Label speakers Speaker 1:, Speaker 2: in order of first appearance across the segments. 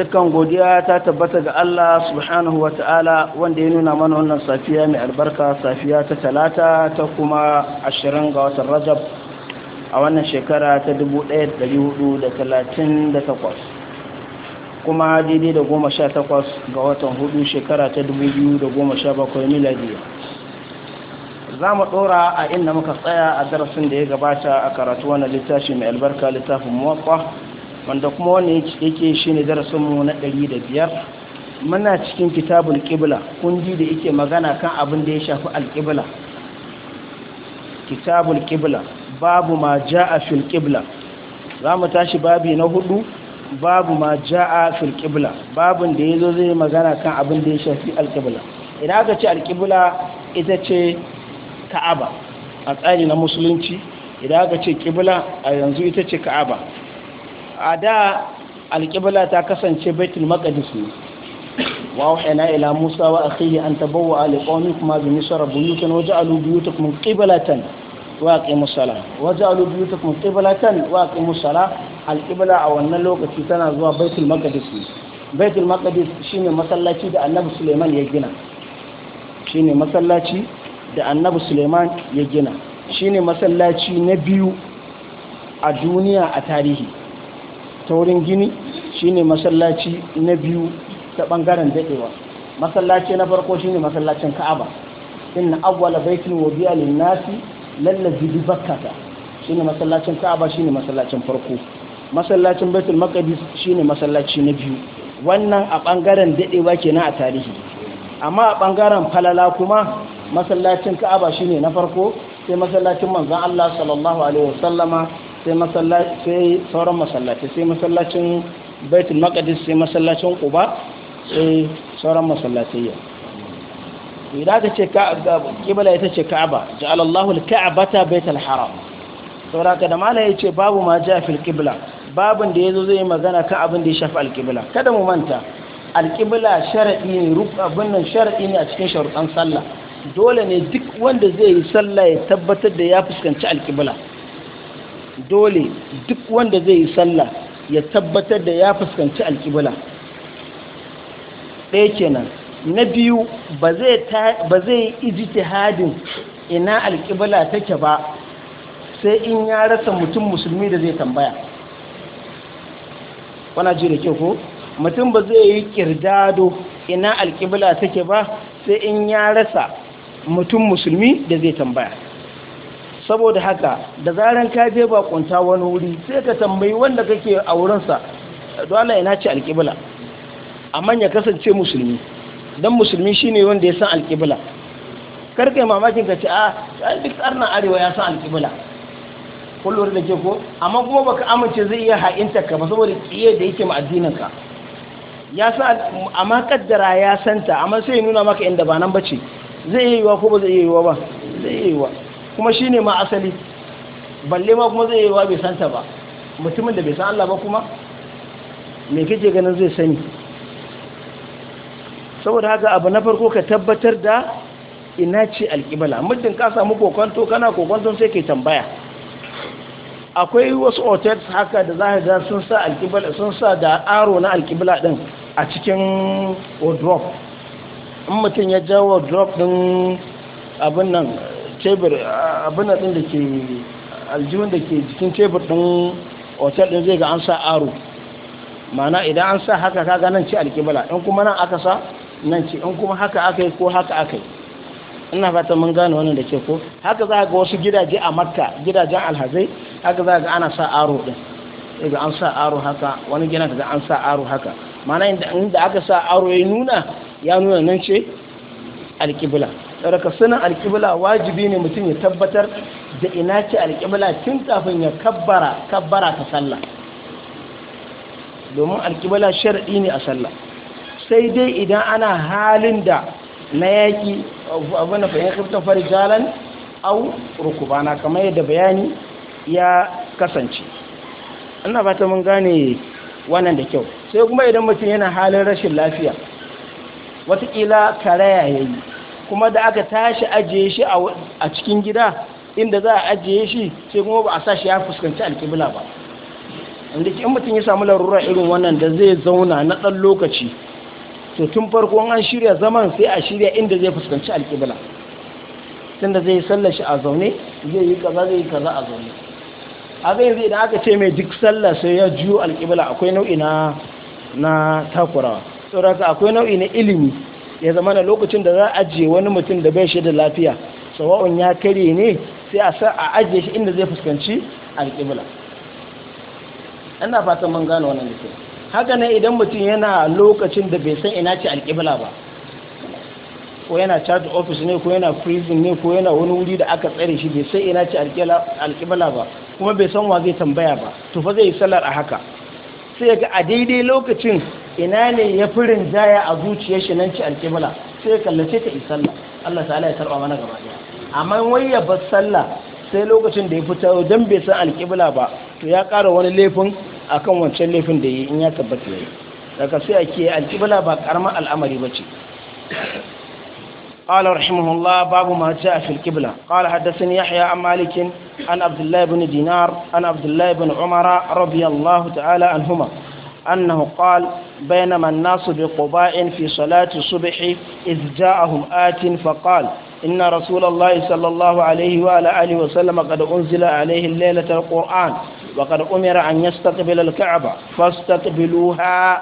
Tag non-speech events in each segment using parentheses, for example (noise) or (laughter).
Speaker 1: dukkan godiya ta tabbata ga Allah subhanahu wa ta'ala wanda ya nuna mana wannan safiya mai albarka safiya ta talata ta kuma ashirin ga watan rajab a wannan shekara ta 1438 kuma daidai da goma sha takwas ga watan hudu shekara ta 2017 miladiya za mu ɗora a inda muka tsaya a darasin da ya gabata a karatu wani littafi mai albarka littafin muwaffa wanda kuma wani yake shi ne darasinmu na ɗari da biyar muna cikin kitabul ƙibla kundi da yake magana kan abin da ya shafi alƙibla kitabul ƙibla babu ma a fil ƙibla za mu tashi babi na hudu babu ma a fil ƙibla babin da ya zo zai magana kan abin da ya shafi alƙibla idan aka ce alƙibla ita ce ka'aba a tsari na musulunci idan aka ce ƙibla a yanzu ita ce ka'aba a da alƙibla ta kasance baitul maƙadis ne wa wahana ila musa wa akhihi an tabawwa li qawmikum bi misra buyutan waj'alu buyutakum qiblatan wa aqimus salah waj'alu buyutakum qiblatan wa aqimus salah alƙibla a wannan lokaci tana zuwa baitul maqdis ne baitul maqdis shine masallaci da annabi suleiman ya gina shine masallaci da annabi suleiman ya gina shine masallaci na biyu a duniya a tarihi ta wurin gini shine masallaci na biyu ta bangaren dadewa masallaci na farko shine masallacin Ka'aba inna awwala baitin wudiya lin-nasi lallazi bi bakkata shine masallacin Ka'aba shine masallacin farko masallacin Baitul Maqdis shine masallaci na biyu wannan a bangaren dadewa kenan a tarihi amma a bangaren falala kuma masallacin Ka'aba shine na farko sai masallacin manzon Allah sallallahu alaihi wasallama sai masallaci sai sauran masallaci sai masallacin baitul maqdis sai masallacin quba sai sauran masallaci idan ka ce kibla ita ce ka'aba ja'ala Allahu al-ka'bata baitul haram saboda ka da malai yace babu ma ja fil kibla babin da yazo zai magana kan abin da ya shafi al kibla kada mu manta al kibla shar'i ne abun nan shar'i ne a cikin sharuɗan sallah dole ne duk wanda zai yi sallah ya tabbatar da ya fuskanci al kibla dole duk wanda zai yi sallah ya tabbatar da ya fuskanci alƙibla ɗaya kenan na biyu ba zai yi hadin ina alƙibla take ba sai in ya rasa mutum musulmi da zai tambaya wana ji da ke ko mutum ba zai yi kirdado ina alƙibla take ba sai in ya rasa mutum musulmi da zai tambaya saboda haka da zaran ka je bakunta wani wuri sai ka tambayi wanda kake a wurinsa dole ina ce alƙibla amma ya kasance musulmi dan musulmi shine wanda ya san alƙibla karkai mamakin ka ce a ah, duk tsarnan arewa ya san alƙibla kullum da ke ko amma kuma baka amince zai iya ha'inta ka ba saboda kiyaye da yake ma addinin ka ya sa amma kaddara ya santa amma sai nuna maka inda ba nan bace zai yi wa ko ba zai yi wa ba zai yi wa kuma shi ne ma asali balle ma kuma zai yi wa bai santa ba mutumin da bai san Allah ba kuma mai kake ganin zai sani saboda haka abu na farko ka tabbatar da ina ce alƙibala muddin ka samu kokonto kana kokonton sai kai tambaya akwai wasu hotels haka da za a sun sa sun sa da aro na alƙibala ɗin a cikin wardrobe in mutum ya ja wardrobe ɗin abin nan tebur abin din da ke aljihun da ke jikin tebur din otel din zai ga an sa aro mana idan an sa haka kaga nan ce alkibala in kuma nan aka sa nan ce in kuma haka aka yi ko haka aka yi ina fata mun gane wannan da ke ko haka za ga wasu gidaje a makka gidajen alhazai haka za ga ana sa aro din ga an sa aro haka wani gina ga an sa aro haka mana inda aka sa aro ya nuna ya nuna nan ce alƙibla daga sanin alƙibla wajibi ne mutum ya tabbatar da ina ce alƙibla tun kafin ya kabbara kabbara ta sallah domin alƙibla sharaɗi ne a sallah sai dai idan ana halin da na yaƙi abu na fahimtar kifta farijalan au rukubana kamar yadda bayani ya kasance ina fata mun gane wannan da kyau sai kuma idan mutum yana halin rashin lafiya watakila karaya ya yi kuma da aka tashi ajiye shi a cikin gida inda za a ajiye shi sai kuma ba a sa shi ya fuskanci alkibila ba inda in mutum ya samu larura irin wannan da zai zauna na ɗan lokaci to tun farko an shirya zaman sai a shirya inda zai fuskanci alkibila tunda zai sallar shi a zaune zai yi kaza zai yi kaza a zaune a zai zai idan aka ce mai duk sallar sai ya juyo alkibila akwai nau'i na takurawa sauraka akwai nau'i na ilimi ya zama na lokacin da za a ajiye wani mutum da bai shi da lafiya sawa'un ya kare ne sai a san a ajiye shi inda zai fuskanci alƙibla ana fatan man gano wannan da haka ne idan mutum yana lokacin da bai san ina ce alƙibla ba ko yana charge office ne ko yana prison ne ko yana wani wuri da aka tsare shi bai san ina ce alƙibla ba kuma bai san wa zai tambaya ba to fa zai yi sallar a haka sai ga a daidai lokacin ina ne ya fi rinjaya a zuciyar shi nan ci alƙibla sai ya kallace ta yi sallah Allah ta'ala ya tarba mana gaba ɗaya amma wai ya bar sallah sai lokacin da ya fita don bai san alƙibla ba to ya ƙara wani laifin akan wancan laifin da ya yi in ya tabbata yayi daga sai ke alƙibla ba karamar al'amari ba ce قال رحمه الله باب ما جاء في القبلة قال حدثني يحيى عن مالك عن عبد الله بن دينار عن عبد الله بن عمر رضي الله تعالى عنهما أنه قال بينما الناس بقباء في صلاة الصبح إذ جاءهم آت فقال إن رسول الله صلى الله عليه وعلى آله وسلم قد أنزل عليه الليلة القرآن وقد أمر أن يستقبل الكعبة فاستقبلوها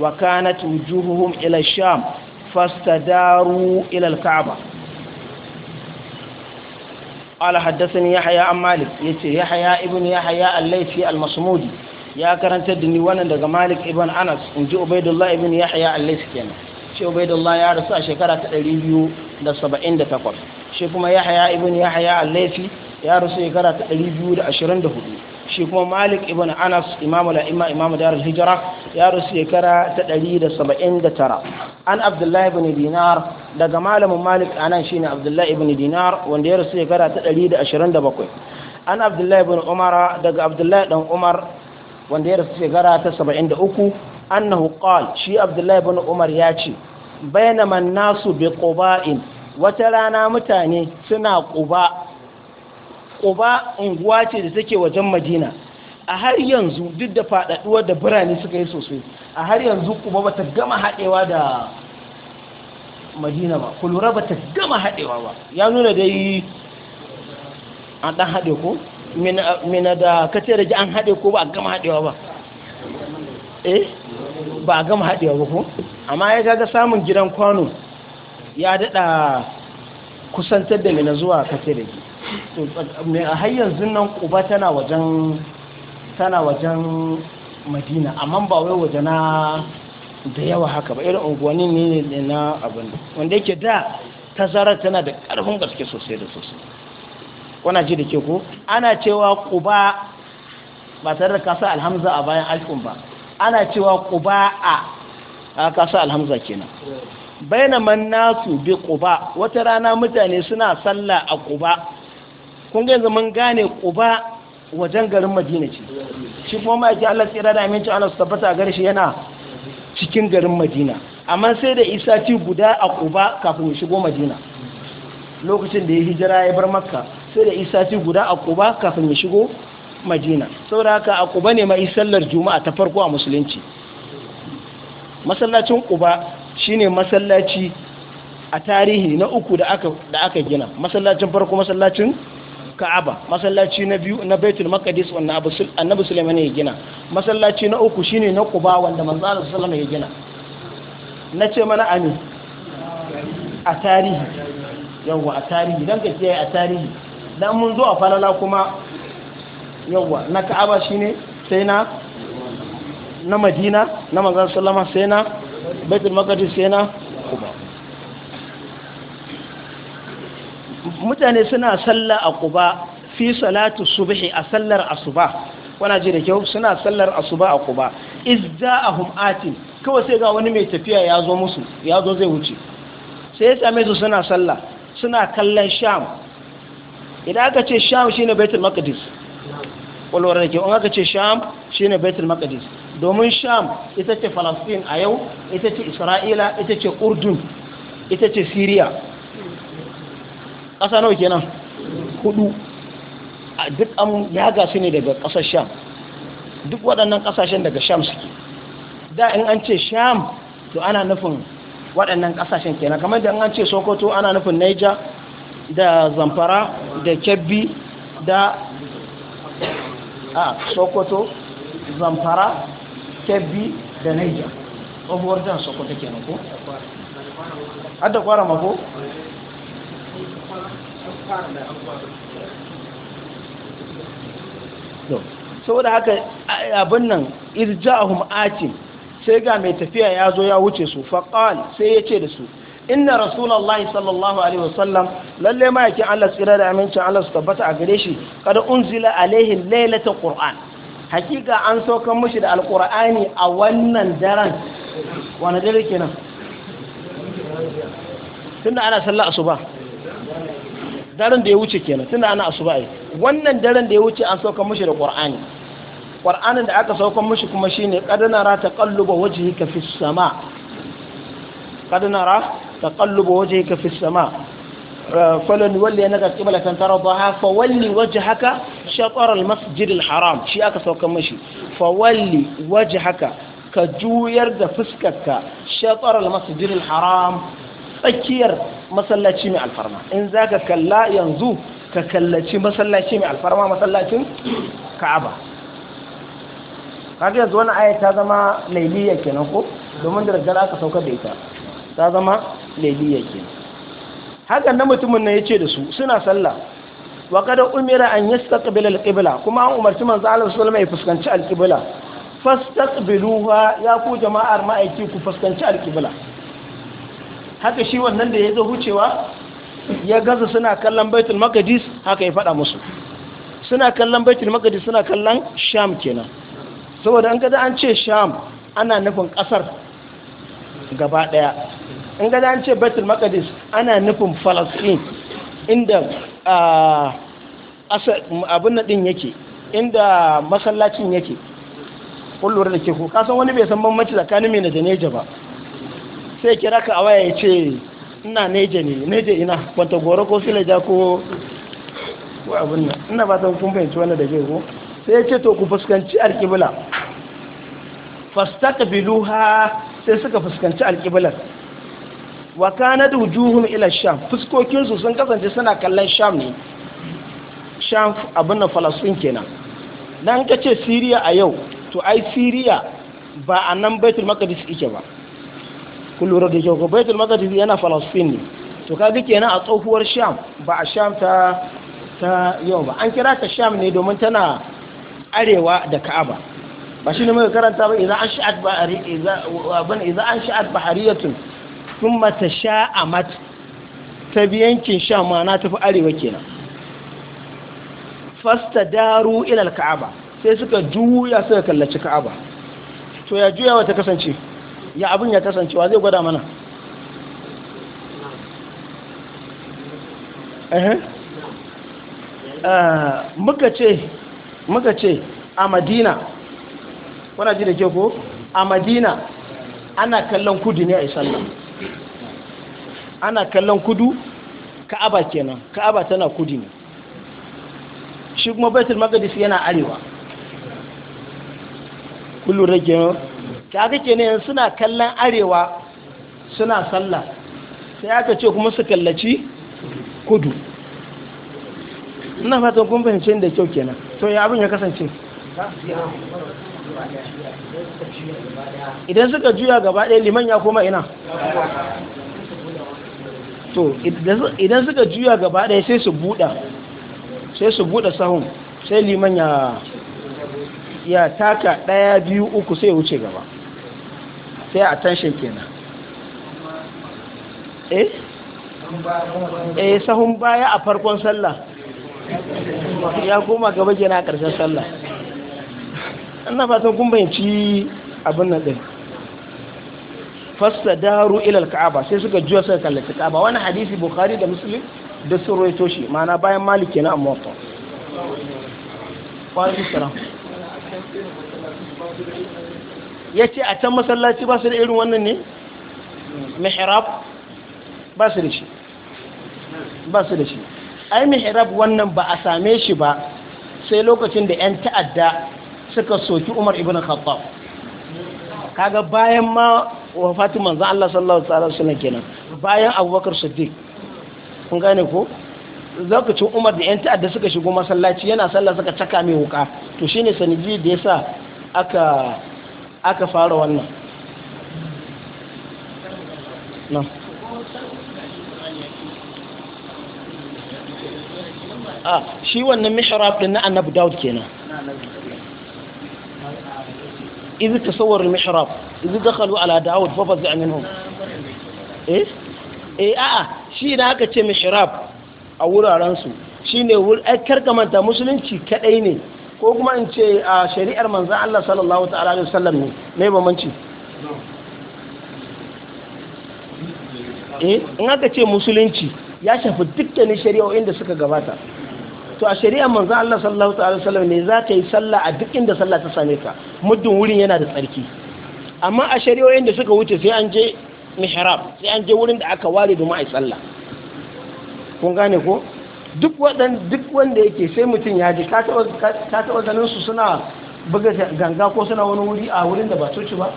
Speaker 1: وكانت وجوههم إلى الشام فاستداروا إلى الكعبة قال حدثني يحيى عن مالك يحيى ابن يحيى الليثي المصمودي ya karanta da ni wannan daga Malik ibn Anas in ji Ubaidullah ibn Yahya al-Layth kenan shi Ubaidullah ya rasu a shekara ta 278 shi kuma Yahya ibn Yahya al laysi ya rasu shekara ta 224 shi kuma Malik ibn Anas imamu imma imamu darul hijra ya rasu shekara ta 179 an Abdullah ibn Dinar daga malamin Malik anan shine Abdullah ibn Dinar wanda ya rasu shekara ta 127 an Abdullah ibn Umar daga Abdullah dan Umar wanda ya rasu shekara ta 73 annahu qal shi abdullahi ibn umar ya ce bainama an-nasu bi quba'in wata rana mutane suna ƙuba quba unguwa ce da take wajen madina a har yanzu duk da faɗaɗuwar da birane suka yi sosai a har yanzu ba bata gama haɗewa da madina ba kulura bata gama haɗewa ba ya nuna dai an ɗan haɗe ko mina da kace da ji an haɗe ko ba a gama haɗewa ba eh ba a gama haɗewa ba ko amma ya gaga samun gidan kwano ya daɗa kusantar da mina zuwa kace da ji a har yanzu nan kuba tana wajen tana wajen madina amma ba wai waje na da yawa haka ba irin unguwanni ne na abin wanda yake da tazarar tana da ƙarfin gaske sosai da sosai wana ji da ke ku? ana cewa ƙuba ba tare da kasa alhamza a bayan alifun ba ana cewa ƙuba a kasa alhamza
Speaker 2: kenan
Speaker 1: man nasu bi ƙuba. wata rana mutane suna salla a ƙuba. kun ga yanzu mun gane ƙuba wajen garin madina ce shi kuma ma Allah tsira da aminci Allah su tabbata gare shi yana cikin garin madina amma sai da isa ci guda a ƙuba kafin mu shigo madina lokacin da ya hijira ya bar makka sai da isati guda a kuba kafin ya shigo majina. saboda haka a kuba ne mai sallar juma'a ta farko a musulunci masallacin kuba shine masallaci a tarihi na uku da aka da aka gina masallacin farko masallacin Ka'aba masallaci na biyu na Baitul Maqdis wanda Annabi Sulaiman ya gina masallaci na uku shine na kuba wanda Manzo Allah sallallahu alaihi ya gina nace mana ani a tarihi yawa a tarihi dan ka kiyaye a tarihi dan mun zo a falala kuma yawwa na ka'aba shine sai na na madina na manzan sallama sai na baitul maqdis sai na kuba mutane suna salla a kuba fi salatu subhi a sallar asuba wana ji da kyau suna sallar asuba a kuba izza'ahum atin kawai sai ga wani mai tafiya ya zo musu ya zo zai wuce sai ya same su suna sallah suna kallon sham idan aka ce sham shine baitul maqdis ƙwalwar da ke in aka ce sham shine baitul maqdis domin sham ita ce falastin a yau ita ce isra'ila ita ce urdun ita ce syria ƙasa nawa kenan hudu a duk an yaga su ne daga ƙasar sham duk waɗannan ƙasashen daga sham suke da in an ce sham to ana nufin waɗannan ƙasashen kenan kamar da an ce sokoto ana nufin niger da zamfara da kebbi da a sokoto zamfara kebbi da naija tsohuwar jan sokoto ke ko? adda kwara mako? saboda haka abin nan irja irja'ahum atin sai ga mai tafiya ya zo ya wuce su faƙal sai ya ce da su inna rasulullahi sallallahu alaihi wasallam lalle ma yake Allah tsira da amincin Allah su tabbata a gare shi kada unzila alaihi lailatul qur'an hakika an saukan mushi da alqur'ani a wannan daren wani dare kenan tunda ana sallar asuba daren da ya wuce kenan tunda ana asuba ai wannan daren da ya wuce an saukan mushi da qur'ani qur'anin da aka saukan mushi kuma shine qad nara taqalluba wajhika fis sama qad nara تقلب وجهك في السماء فلنولي أنك قبلة ترضها فولي وجهك شطر المسجد الحرام شيء أكثر كمشي فولي وجهك كجوير دفسكك شطر المسجد الحرام tsakiyar masallaci mai alfarma in za ka kalla yanzu ka kallaci masallaci mai alfarma masallacin ka'aba kaga yanzu wani aya ta zama lailiya kenan ko domin da aka da ita ta zama lailiya ke hakan na mutumin na ya ce da su suna sallah wa kada umira an yi staƙabila alƙibla kuma an umarci manzo Allah su ya fuskanci alƙibla fastaqbiluha ya ku jama'ar ma'aiki ku fuskanci alƙibla haka shi wannan da ya zo hucewa ya gaza suna kallon baitul makadis haka ya faɗa musu suna kallon baitul makadis suna kallon sham kenan saboda an gada an ce sham ana nufin ƙasar gaba daya in ga an ce betul makadis ana nufin falastin inda abin na din yake inda masallacin yake kullum da ke ko kasan wani bai san banbanci tsakanin mai da neja ba sai kira ka a waya ya ce ina neja ne neja ina wanta goro ko silaja ko abin nan ina ba san kun fahimci wannan da ke ko sai ya ce to ku fuskanci alkibla biluha sai suka fuskanci alƙiblar wa kana da wujuhun ila sham fuskokinsu sun kasance suna kallon sham ne sham abin na falasun kenan dan ka ce siriya a yau to ai siriya ba a nan baitul maqdis ike ba kun lura da kyau baitul maqdis yana falasun ne to ka ga kenan a tsohuwar sham ba a sham ta ta yau ba an kira ta sham ne domin tana arewa da ka'aba ba shi ne muka karanta ba Iza an sha'at ba abin idan an sha'at bahariyatun sun mata sha'amat ta biyankin sha mana tafi arewa kenan fasta daru ilal ka'aba sai suka juya suka kallaci ka'aba to ya juya wata kasance ya abin ya kasance wa zai gwada mana ah, muka ce muka ce a madina wana ji da ke ko a madina ana kallon kudu ne a yi sallah ana kallon kudu ka'aba kenan ka'aba tana kudu ne shi kuma baitul maqdis yana arewa kullu rage ta kake ne suna kallon arewa suna sallah sai aka ce kuma su kallaci kudu ina fatan kun fahimci da kyau kenan to ya abin ya kasance idan suka juya gaba ɗaya liman ya koma ina to idan suka juya gaba ɗaya sai su buɗa sai su buɗa sahun sai liman ya ya taka ɗaya biyu uku sai wuce gaba sai a tanshin kenan eh eh sahun baya a farkon sallah ya koma gaba gina a ƙarshen sallah ina fatan kun bayanci abin nan din fasta daru ilal ka'aba sai suka juya suka kallaci ka'aba wani hadisi bukhari da muslim da sun roito shi ma'ana bayan malik kenan amma wato kwarin salam ya ce a can masallaci ba su da irin wannan ne mihrab ba su da shi ba su da shi ai mihrab wannan ba a same shi ba sai lokacin da 'yan ta'adda suka soki umar ibn khattab kaga bayan ma wafatin manzo Allah sallallahu alaihi wasallam kenan bayan abubakar siddiq kun gane ko lokacin umar da yan ta'adda suka shigo masallaci yana sallah suka caka mai wuka to shine saniji da yasa aka aka fara wannan na
Speaker 2: a ah, shi wannan mihrab din na annabi daud kenan إذ تصور
Speaker 1: المحراب إذ دخلوا على داود ففزع منهم إيه إيه آه shi da aka ce mihrab a wurarensu shi ne karkamanta musulunci kadai ne ko kuma in ce a shari'ar manzan Allah sallallahu alaihi wasallam ne ne bamanci eh in aka ce musulunci ya shafi dukkanin shari'o'in da suka gabata to a shari'ar manzo Allah sallallahu ta'ala wasallam ne za ka yi sallah a duk inda sallah ta same ka muddin wurin yana da tsarki amma a shari'o'in da suka wuce sai an je mihrab sai an je wurin da aka ware domin a yi sallah kun gane ko duk wadan duk wanda yake sai mutum ya ji ka taba ganin su suna buga ganga ko suna wani wuri a wurin da ba coci ba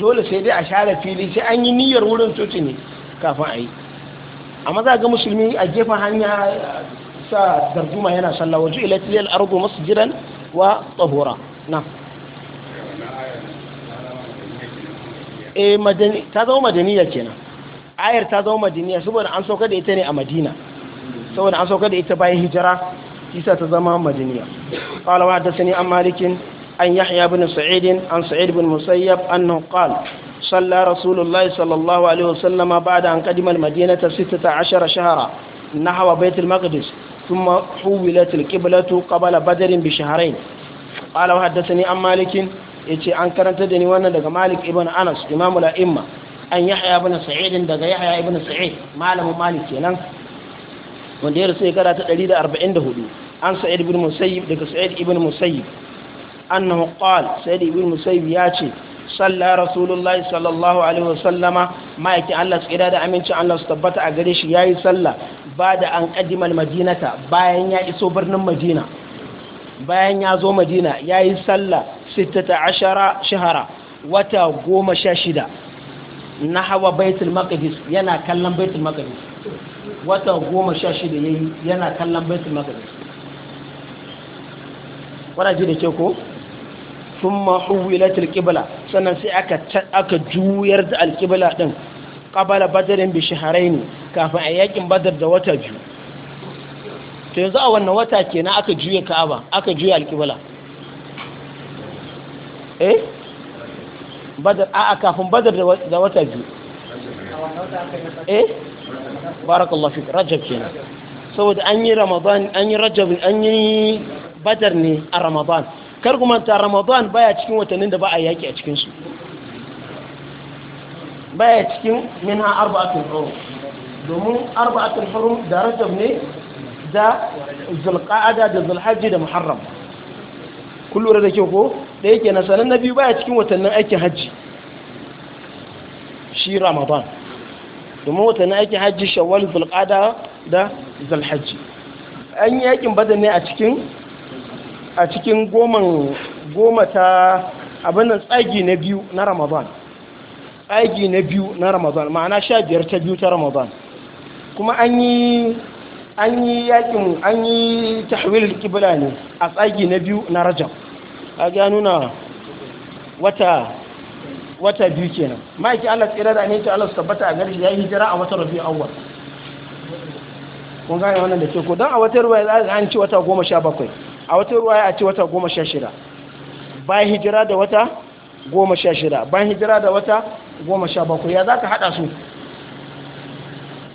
Speaker 1: dole sai dai a share fili sai an yi niyyar wurin coci ne kafin a yi amma za ga musulmi a gefen hanya sa darduma yana sallah waju ila tilal ardu masjidan wa tahura na eh madani ta zama madaniya kenan ayar ta zama madaniya saboda an sauka da ita ne a madina saboda an sauka da ita bayan hijira kisa ta zama madaniya qala wa hadathani an malikin an yahya bin sa'id an sa'id bin musayyab annahu qala صلى رسول الله صلى الله عليه وسلم بعد أن قدم المدينة ستة عشر شهرا نحو بيت المقدس ثم حولت القبلة قبل بدر بشهرين قال وحدثني عن مالك يتي عن كرنت دني وانا دغ مالك ابن انس امام الائمه ان يحيى بن سعيد دغ يحيى ابن سعيد مالك مالك kenan wanda ya rasu shekara ta 144 an sa'id ibn musayyib daga sa'id ibn musayyib annahu qala sa'id ibn musayyib ya ce صلى رسول الله صلى الله عليه وسلم ما يكي الله سكرا دا أمين شاء الله استبت أغريش ياي صلى بعد أن قدم المدينة باين يا إسو برن المدينة باين يا زو مدينة ياي صلى ستة عشر شهرا وتا قوم شاشدة نحو بيت المقدس ينا كلم بيت المقدس وتا قوم شاشدة ينا كلم بيت المقدس wana ji da ke ko thumma huwilat alqibla sannan sai aka juyar da alqibla din qabala badarin bi shahrayn kafin a yakin badar da wata biyu to yanzu a wannan wata kenan aka juye ka'aba aka juya alqibla eh badar a kafin badar da wata biyu eh barakallahu fik rajab kenan saboda an yi ramadan an yi rajab an yi badar ne a ramadan kar kuma ta ramadan baya cikin watannin da ba a yaki a cikin su baya cikin minha arba'atul hurum domin arba'atul hurum da rajab ne da zulqa'ada da zulhajji da muharram kun lura da kyau ko da yake na sanan na biyu baya cikin watannin aikin hajji shi ramadan domin watannin aikin hajji shawwal zulqa'ada da zulhajji an yi yakin badanni ne a cikin a cikin goma ta abinan tsagi na biyu na ramadan tsagi na biyu na ramadan ma'ana sha biyar ta biyu ta ramadan kuma an yi an yi yakin an yi tahwilul kibla ne a tsagi na biyu na rajab a ga nuna wata wata biyu kenan ma'aiki Allah tsira da anita Allah su tabbata a garshi ya yi hijira a wata rabi awwal kun gane wannan da ke ko don a wata ruwa ya an ci wata goma sha bakwai a wata ruwaya a ce wata goma sha shida bayan hijira da wata goma sha shida bayan hijira da wata goma sha bakwai ya za ka haɗa su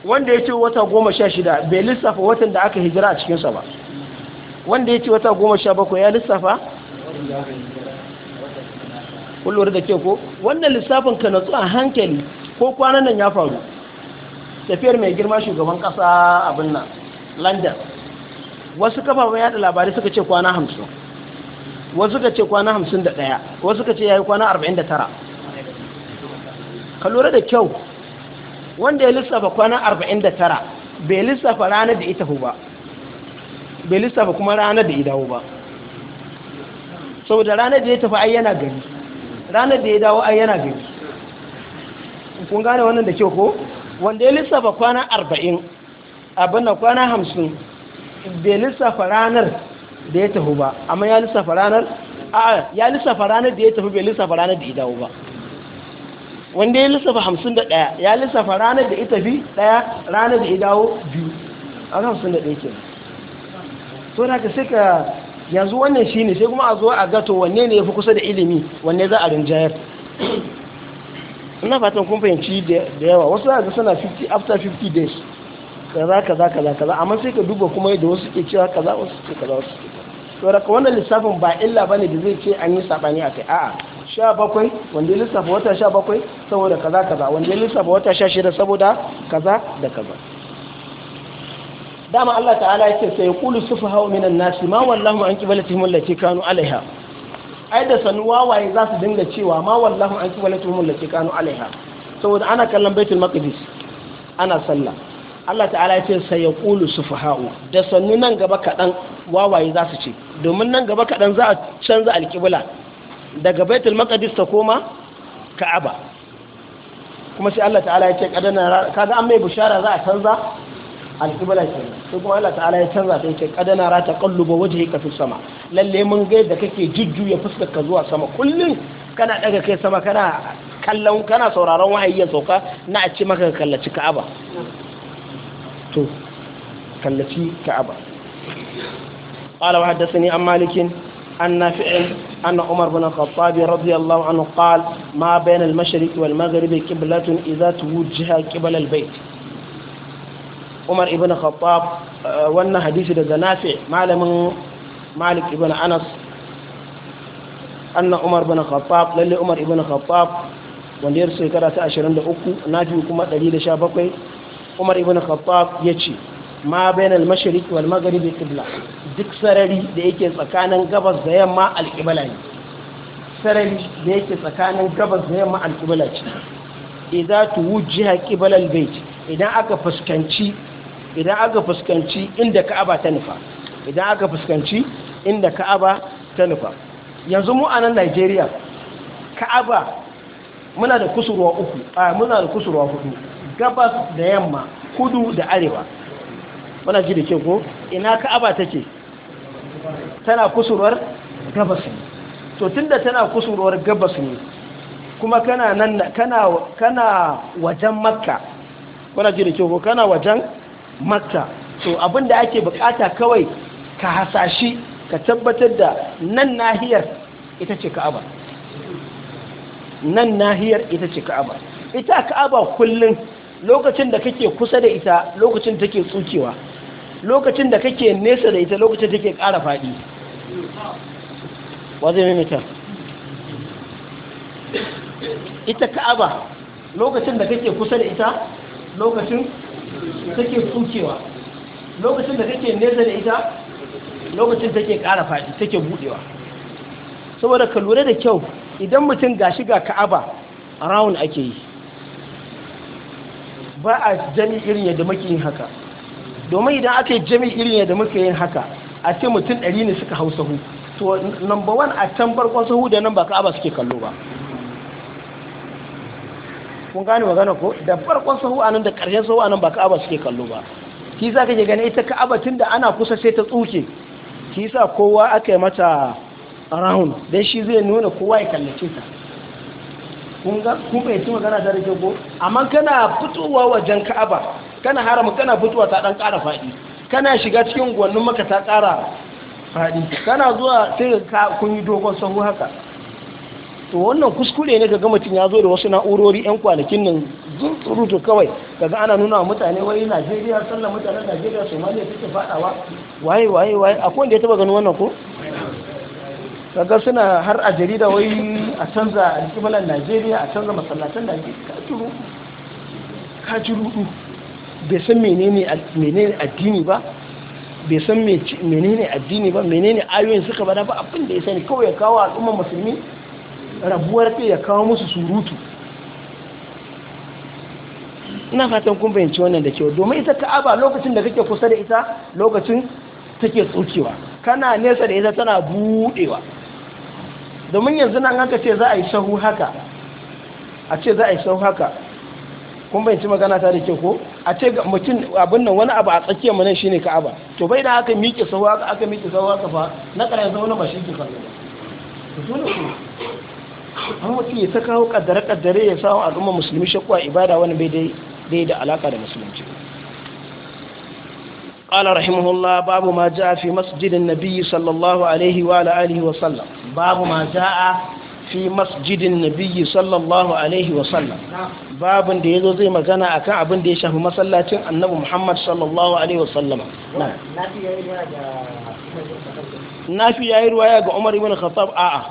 Speaker 1: wanda ya ce wata goma sha shida bai lissafa watan da aka hijira a cikinsa ba wanda ya ce wata goma sha bakwai ya lissafa kullum da ke ko wannan lissafin ka natsu a hankali ko kwanan nan ya faru tafiyar mai girma shugaban ƙasa abin nan london wasu kafafen yada labarai suka ce kwana hamsin wasu suka ce kwana hamsin da ɗaya wasu suka ce ya yi kwana arba'in da tara ka lura da kyau wanda ya lissafa kwana arba'in da tara bai lissafa ranar da ita ba bai lissafa kuma ranar da idawo ba saboda ranar da ya tafi ayyana yana gari ranar da ya dawo ayyana yana gari kun gane wannan da kyau ko wanda ya lissafa kwana arba'in abin na kwana hamsin bai lissafa ranar da ya tafi ba amma ya lissafa ranar a ya lissafa ranar da ya tafi bai lissafa ranar da ya dawo ba wanda ya lissafa hamsin da ɗaya ya lissafa ranar da ya tafi ɗaya ranar da ya dawo biyu a hamsin da ɗaya ke so da ka sai ka yanzu wannan shi ne sai kuma a zo a gato wanne ne ya fi kusa da ilimi wanne za a rinjayar ina fatan kun fahimci da yawa wasu za a ga suna 50 after 50 days kaza kaza kaza kaza amma sai ka duba kuma yadda wasu ke cewa kaza wasu ke kaza wasu ke to raka wannan lissafin ba illa bane da zai ce an yi sabani a kai a'a sha bakwai wanda ya lissafa wata sha bakwai saboda kaza kaza wanda ya lissafa wata sha shida saboda kaza da kaza dama Allah ta'ala yake sai qulu sufaha minan nas ma wallahu an qibalatihim allati kanu alaiha ai da sanu wawaye za su dinga cewa ma wallahu an qibalatihim allati kanu alaiha saboda ana kallon baitul maqdis ana sallah Allah ta'ala ya ce sai ya ƙulu sufaha'u da sannu nan gaba kaɗan wawaye za su ce domin nan gaba kaɗan za a canza alƙibla daga baitul maqdis ta koma ka'aba kuma sai Allah ta'ala ya ce kadan kaga an mai bushara za a canza alƙibla ce sai kuma Allah ta'ala ya canza ta ce kadan ra ta qalluba wajhika fi sama lalle mun ga yadda kake jujjuya fuskarka ka zuwa sama kullun kana daga kai sama kana kallon kana sauraron wahayi ya sauka na a ci maka kallaci ka'aba قال kallaci ka'aba qala wa haddathani أن عمر بن الخطاب رضي الله عنه قال ما بين المشرق والمغرب قبلة إذا توجه قبل البيت عمر بن الخطاب آه، وانا حديث ده نافع معلم مالك بن أنس أن عمر بن الخطاب للي عمر بن الخطاب wanda ya rasu shekara ناجي 23 na fi 117 umar ibn khattab ya ce ma bayan al-mashariq wal maghrib qibla duk sarari da yake tsakanin gabas da yamma al-qibla ne sarari da yake tsakanin gabas da yamma al-qibla ce idza tuwajjaha qibla al-bayt idan aka fuskanci idan aka fuskanci inda ka'aba ta nufa idan aka fuskanci inda ka'aba ta nufa yanzu mu a nan Najeriya ka'aba muna da kusurwa uku a muna da kusurwa hudu gabas da yamma kudu da arewa wana ji da ke ko ina ka'aba take tana kusurwar gabas ne to tunda tana kusurwar gabas ne kuma kana nan kana kana wajen makka wana ji da ke ko kana wajen makka to abinda ake bukata kawai ka hasashi ka tabbatar da nan nahiyar ita ce ka'aba nan nahiyar ita ce ka'aba ita ka'aba kullum lokacin da kake kusa da ita lokacin take tsukewa lokacin da kake nesa da ita lokacin take ƙara faɗi wa zai mimita ita ka'aba lokacin da kake kusa da ita lokacin take tsukewa lokacin da kake nesa da ita lokacin take ƙara faɗi take buɗewa saboda ka lura da kyau idan mutum gashi ga ka'aba raun ake yi ba a jami irin yadda muke yin haka domin idan aka yi jami irin yadda muke yin haka a ce mutum ɗari ne suka hau sahu to number one a can barkon sahu da nan ba ka'aba suke kallo ba kun gane magana ko da farkon sahu a nan da ƙarshen sahu a nan ba ka'aba suke kallo ba shi za ka gani ita ka'aba tun da ana kusa sai ta tsuke shi sa kowa aka yi mata round don shi zai nuna kowa ya kallace ta kun ga kun fahimci magana ta da ke ko amma kana fitowa wajen ka'aba kana harama kana fitowa ta dan ƙara fadi. kana shiga cikin gwannin maka ta ƙara fadi kana zuwa sai ka kun yi dogon sahu haka to wannan kuskure ne kaga mutum ya zo da wasu na'urori ɗan kwanakin nan zunzurutu kawai kaga ana nuna wa mutane wai Najeriya sallan mutanen Najeriya Somalia suke fadawa waye waye waye akwai wanda ya taba ganin wannan ko kaga suna har a jarida wai a canza alƙiblar najeriya a canza masallatan najeriya ka ji rudu ka bai san menene addini ba bai san menene addini ba menene ayoyin suka bada ba abin da ya sani kawai ya kawo al'ummar musulmi rabuwar kai ya kawo musu surutu ina fatan kun bayanci wannan da kyau domin ita ka'aba lokacin da kake kusa da ita lokacin take tsokewa kana nesa da ita tana budewa domin yanzu nan aka ce za a yi shahu haka a ce za a yi sahu haka kun bayanci magana ta da ke ko a ce ga mutum abin nan wani abu a tsakiyar manan ka ka'aba to bai da aka miƙe sahu haka aka miƙe sahu haka fa na ƙarar sahu na ba shi ke kallo ba dole ko an ya ta kawo ƙaddare ƙaddare ya samu al'umma musulmi shakku a ibada wani bai dai da alaƙa da musulunci قال رحمه الله باب ما جاء في مسجد النبي صلى الله عليه وعلى آله وسلم باب ما جاء في مسجد النبي صلى الله عليه وسلم باب da yazo zai magana akan abin da ya shafi masallacin Annabi Muhammad sallallahu alaihi wasallam nafi yayi riwaya ga Umar ibn Khattab a'a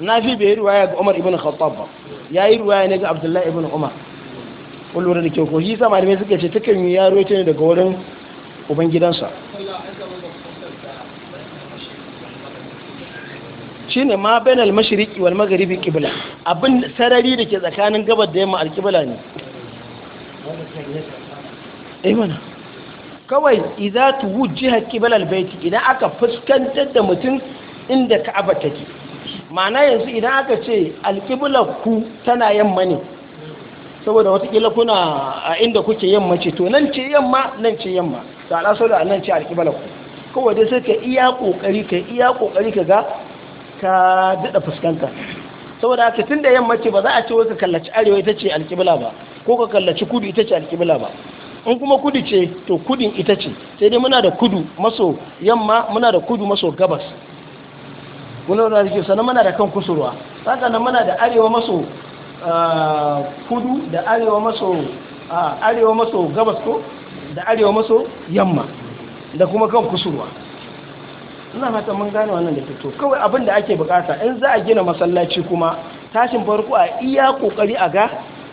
Speaker 1: nafi bai riwaya ga Umar ibn Khattab ba yayi riwaya ne ga Abdullah ibn Umar kullu da ke ko shi sama da me suke ce takan yi yaro ne daga wurin shi ne ma bainal mashiriki wal magharibi kibla abin sarari da ke tsakanin gabar da yamma alqibla ne eh mana kawai idza tuwjiha idan aka fuskantar da mutum inda ka'aba take ma'ana yanzu idan aka ce alqibla ku tana yamma ne saboda watakila kuna a inda kuke yamma ce to nan ce yamma nan ce yamma to al'asar da annan ce alƙibala ku kawai dai sai ka iya ƙoƙari ka iya kokari ka ga ka daɗa fuskanta saboda ake tun da yamma ce ba za a ce wai ka kallaci arewa ita ce alkibla ba ko ka kallaci kudu ita ce alkibla ba in kuma kudu ce to kudin ita ce sai dai muna da kudu maso yamma muna da kudu maso gabas muna da rike sannan muna da kan kusurwa haka nan muna da arewa maso ah, kudu da arewa maso ah, arewa maso gabas ko da arewa maso yamma da kuma kan kusurwa ina fata mun gane wannan da fito kawai abin da ake bukata in za a gina masallaci kuma tashin farko a iya kokari a ga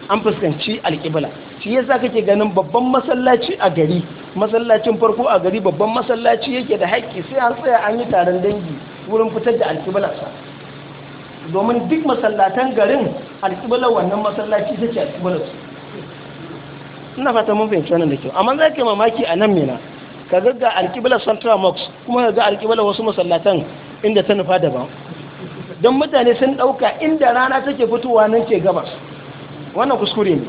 Speaker 1: an fuskanci alƙibla shi yasa kake ganin babban masallaci a gari masallacin farko a gari babban masallaci yake da haƙƙi sai an tsaya an yi taron dangi wurin fitar da sa domin duk masallatan garin alƙibla wannan masallaci take su ina fata mun fahimci wannan da kyau amma za ka mamaki a nan mina ka ga alƙibla central mosque kuma ka ga alƙibla wasu masallatan inda ta nufa daban don mutane sun ɗauka inda rana take fitowa nan ke gabas wannan kuskure ne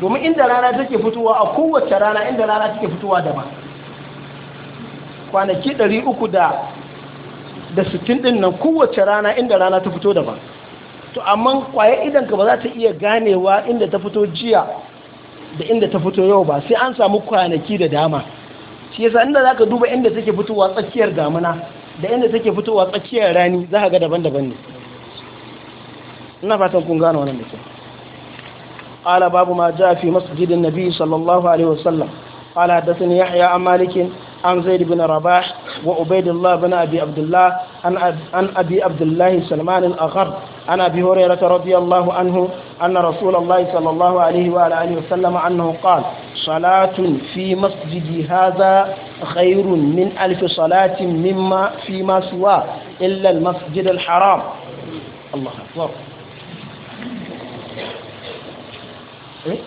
Speaker 1: domin inda rana take fitowa a kowace rana inda rana take fitowa daban kwanaki 360 ɗin nan kowace rana inda rana ta fito daban to amma kwaye idan ka ba za ta iya ganewa inda ta fito jiya da inda ta fito yau ba sai an samu kwanaki da dama shi yasa inda zaka duba inda take fitowa tsakiyar damuna da inda take fitowa tsakiyar rani za ka ga daban-daban ne ina fatan kun gano wannan da kyau قال babu ma جاء في مسجد النبي صلى الله عليه وسلم قال حدثني يحيى an zaid ibn rabah wa رباح ibn abi abdullah عن أبي عبد الله سلمان الأخر عن أبي هريرة رضي الله عنه أن رسول الله صلى الله عليه وعلى آله وسلم أنه قال صلاة في مسجدي هذا خير من ألف صلاة مما فيما سواه إلا المسجد الحرام الله أكبر إيه؟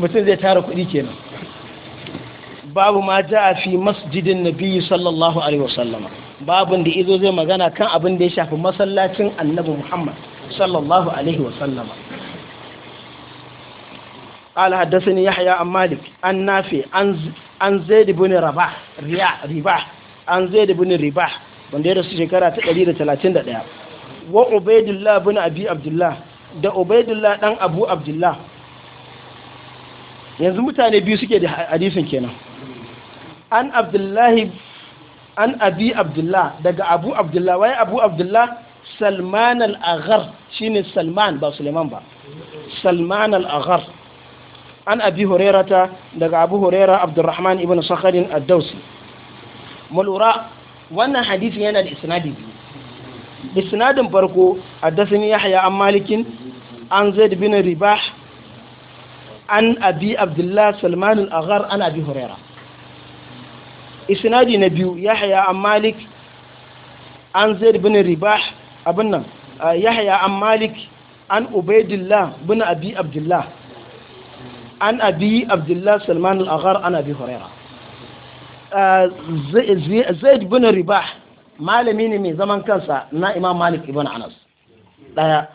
Speaker 1: mutum zai tara kuɗi kenan babu ma ja a fi masjidin nabi sallallahu alaihi wasallam babun da izo zai magana kan abin da ya shafi masallacin annabi muhammad sallallahu alaihi wasallam قال حدثني يحيى عن مالك عن نافع عن زيد بن رباح رباح عن زيد بن رباح wanda ya rasu shekara ta 131 wa ubaidullah bin abi abdullah da ubaidullah dan abu abdullah yanzu mutane biyu suke da hadisin kenan an abdullahi an abi abdullah daga abu abdullah waye abu abdullah salman al-aghar shine salman ba suleiman ba salman al-aghar an abi hurairata daga abu huraira abdurrahman ibn sakharin ad-dawsi malura wannan hadisi yana da isnadi biyu isnadin farko haddathani yahya an malikin an zaid bin ribah an abi abdullah salman al-aghar an abi hurairah isnadi na biyu yahya an malik an zai bin ribah abin nan yahya an malik an ubaidillah bin abi abdullah an abi abdullah salman al-aghar an abi huraira zai bin ribah malami ne mai zaman kansa na imam malik ibn anas daya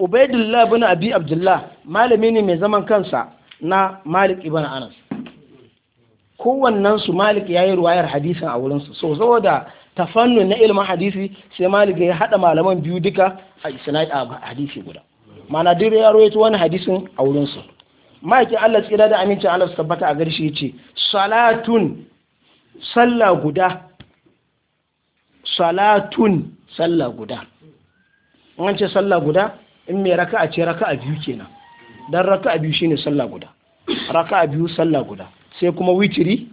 Speaker 1: ubaidillah bin abi abdullah malami ne mai zaman kansa na malik ibn anas kowannen su malik yi ruwayar hadisin a wurinsu so saboda tafannu na ilimin hadisi sai malik ya haɗa malaman biyu duka a isnad a hadisi guda mana duk ya rawaito wani hadisin a wurinsu ma'aikin Allah tsira da amincin Allah su tabbata a garshi ya ce salatun sallah guda salatun sallah guda an ce sallah guda in mai raka'a ce raka'a biyu kenan dan raka'a biyu shine sallah guda raka'a biyu sallah guda sai kuma witiri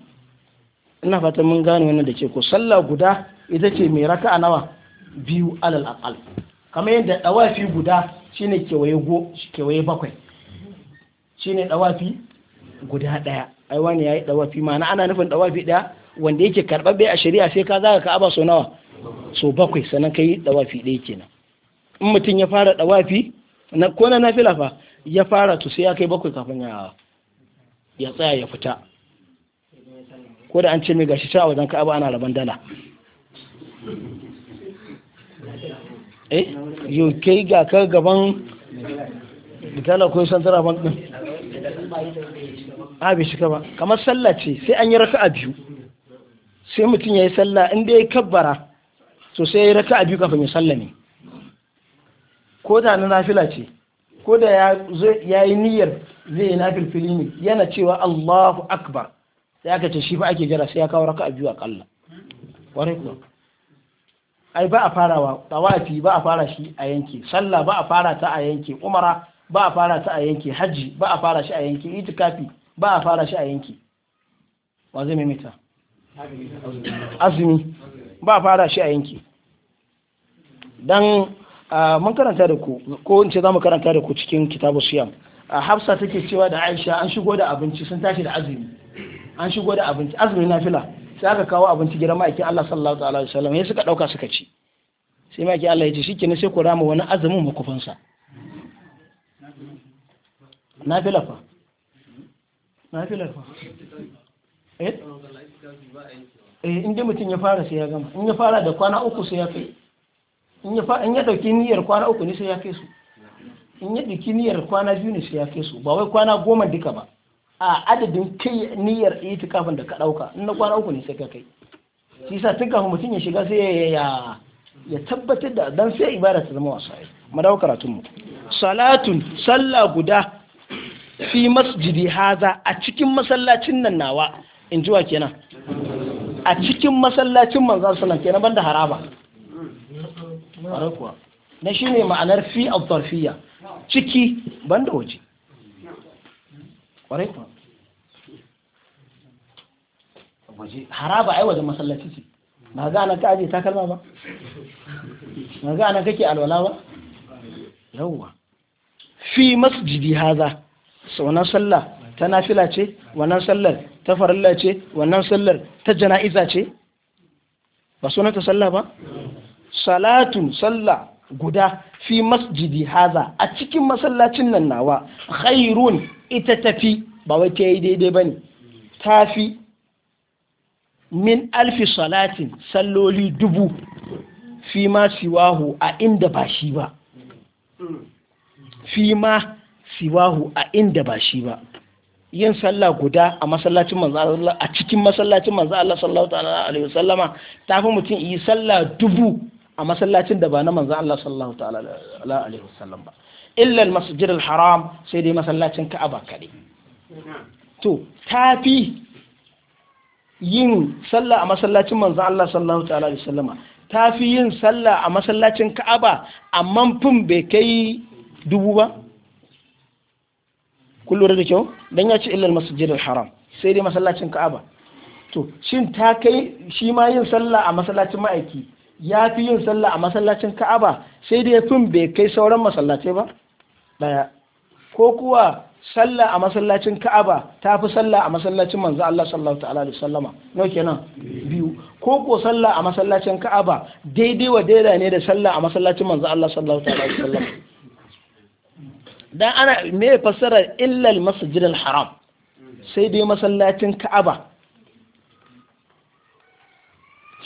Speaker 1: ina fatan mun gane wannan da ke ko sallah guda ita ce mai raka a nawa biyu alal akal kamar yadda dawafi guda shine kewaye go kewaye bakwai shine dawafi guda daya ai wani yayi dawafi ma'ana ana nufin dawafi daya wanda yake karbabbe a shari'a sai ka zaga ka'aba so nawa so bakwai sannan kai dawafi daya kenan in mutum ya fara dawafi na ko na nafila fa ya fara to sai ya kai bakwai kafin ya ya tsaya ya fita ko da an ce mai gashi cewa wajen ka'aba ana rabon dala eh yau kai ga ka gaban dala ko tara ban din a bai ba kamar sallah ce sai an yi raka'a biyu sai mutum yayi sallah in dai ya kabbara to sai ya raka'a biyu kafin ya sallame ko da na nafila ce ko da ya yi niyyar zai yi nafil fili ne yana cewa Allahu akbar sai aka ce shi ba ake jira sai ya kawo raka'a biyu kalla Wani kuwa ai ba a farawa tawafi ba a fara shi a yanke sallah ba a fara ta a yanke umara ba a fara ta a yanke hajji ba a fara shi a yanke itikafi ba a fara shi a yanke wa zai maimaita azumi ba a fara shi a yanke dan mun karanta da ku ko in ce za mu karanta da ku cikin kitabu siyam hafsa take cewa da aisha an shigo da abinci sun tashi da azumi an shigo da abinci azumi na fila, sai aka kawo abinci gidan ma'aikin Allah sallallahu ta'ala alaihi wasallam sai suka dauka suka ci sai ma'aikin Allah ya ce kenan sai ku rama wani azumin makufansa fila fa fila fa eh eh inda mutum ya fara sai ya gama in ya fara da kwana uku sai ya kai in ya fa in ya dauki niyyar kwana uku ne sai ya kai su in ya dauki niyyar kwana biyu ne sai ya kai su ba wai kwana goma duka ba a adadin kai niyyar itikafin da ka dauka in na kwana uku ne sai ka kai shi sa tun kafin mutum ya shiga sai ya ya tabbatar da dan sai ibada ta zama wasa mu dawo karatun mu salatun salla guda fi masjidi haza a cikin masallacin nan nawa in wa kenan a cikin masallacin manzo sallan kenan banda haraba na shine ma'anar fi al-tarfiya ciki banda waje kwarai waje haraba ai wajen masallaci ce ba ga nan ka aje takalma ba ba ga nan kake alwala ba yawwa fi masjidi haza wannan sallah ta nafila ce wannan sallar ta farilla ce wannan sallar ta jana'iza ce ba sunanta sallah ba salatu sallah guda fi masjidi haza a cikin masallacin nan nawa khairun ita tafi ba wai ta yi daidai ba ne tafi min alfi salatin salloli dubu fi ma siwahu a inda ba shi ba fi ma siwahu a inda ba shi ba yin sallah guda a masallacin manzo Allah a cikin masallacin manzo Allah sallallahu alaihi wasallama ta fi mutum yi sallah dubu a masallacin da ba na manzo Allah sallallahu alaihi wasallam ba illa al haram sai dai masallacin Ka'aba kadai to tafi yin sallah a masallacin manzon Allah sallallahu ta'ala alaihi wasallama ta fi yin sallah a masallacin Ka'aba amma fin bai kai dubu ba kun lura da kyau dan ya ce illal masjidil haram sai dai masallacin Ka'aba to shin ta kai shi ma yin sallah a masallacin ma'aiki ya fi yin sallah a masallacin Ka'aba sai dai fin bai kai sauran masallatai ba daya ko kuwa sallah a masallacin Ka'aba ta fi sallah a masallacin manzo Allah sallallahu ta'ala alaihi sallama no kenan biyu ko ko sallah a masallacin Ka'aba daidai wa daida ne da sallah a masallacin manzo Allah sallallahu ta'ala alaihi sallama dan ana me fassara illa al masjid al haram sai dai masallacin Ka'aba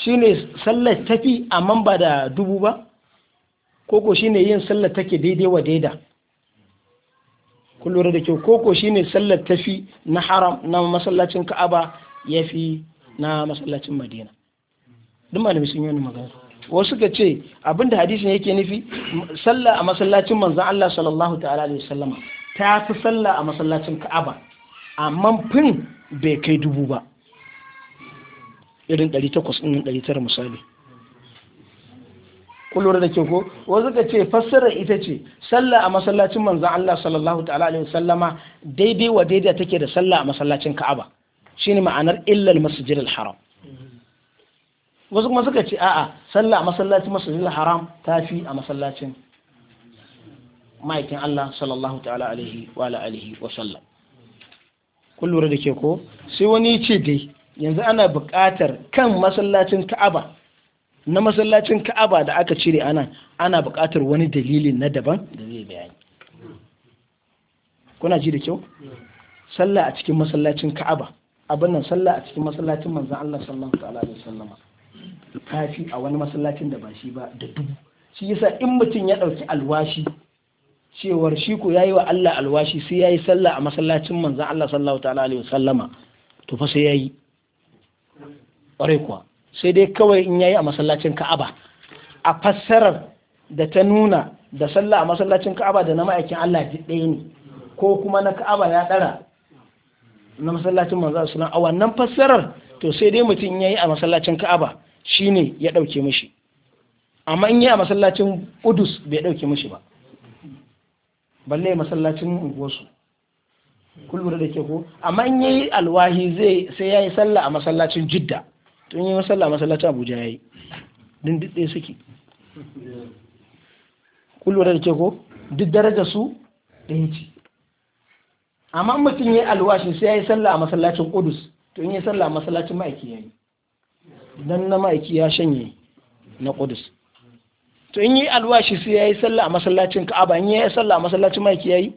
Speaker 1: shine sallar tafi amma ba da dubu ba ko ko shine yin sallar take daidai wa daida kun lura da kyau koko shine sallar tafi na haram na masallacin ka'aba ya fi na masallacin madina duk malami sun yi wani magana wasu ka ce abinda hadisin yake nufi sallah a masallacin manzon Allah sallallahu ta'ala alaihi wasallama ta fi sallah a masallacin ka'aba amma fin bai kai dubu ba irin 800 ɗin 900 misali Ku lura da ke ko wasu ka ce fassara ita ce sallah a masallacin manzan Allah sallallahu ta'ala alaihi wasallama daidai wa daidai take da sallah a masallacin Ka'aba shine ma'anar illal masjidil haram wasu kuma suka ce a'a sallah a masallacin masjidil haram ta fi a masallacin ma'aikin Allah sallallahu ta'ala alaihi wa alihi wa sallam kun lura da ke ko sai wani ce dai yanzu ana buƙatar kan masallacin Ka'aba na masallacin ka'aba da aka cire ana ana buƙatar wani dalili na daban da zai bayani kuna ji da kyau sallah a cikin masallacin ka'aba abin nan sallah a cikin masallacin manzon Allah sallallahu alaihi wasallama kafi a wani masallacin da ba shi ba da dubu shi yasa in mutum ya ɗauki alwashi cewar shi ko yayi wa Allah alwashi sai yayi sallah a masallacin manzon Allah sallallahu alaihi wasallama to fa sai yayi ƙwarai kuwa sai dai kawai in yayi a masallacin ka'aba a fassarar da ta nuna da sallah a masallacin ka'aba da na ma'aikin Allah ɗaya ne ko kuma na ka'aba ya ɗara na masallacin manzo sunan a wannan fassarar to sai dai mutum yayi a masallacin ka'aba shine ya ɗauke mishi amma in yi a masallacin udus bai ɗauke mishi ba balle masallacin unguwarsu kullum da ke ko amma in yi alwahi zai sai ya yi sallah a masallacin jidda tun yi masalla masallacin abuja ya yi dindindin suke kullum da ke ko duk daraja su ɗaya ce amma mutum ya yi alwashi sai ya yi salla a masallacin kudus to in yi salla a masallacin ma'aiki ya yi don na ma'aiki ya shanye na kudus to in yi alwashi sai ya yi salla a masallacin ka'aba in yi salla a masallacin ma'aiki ya yi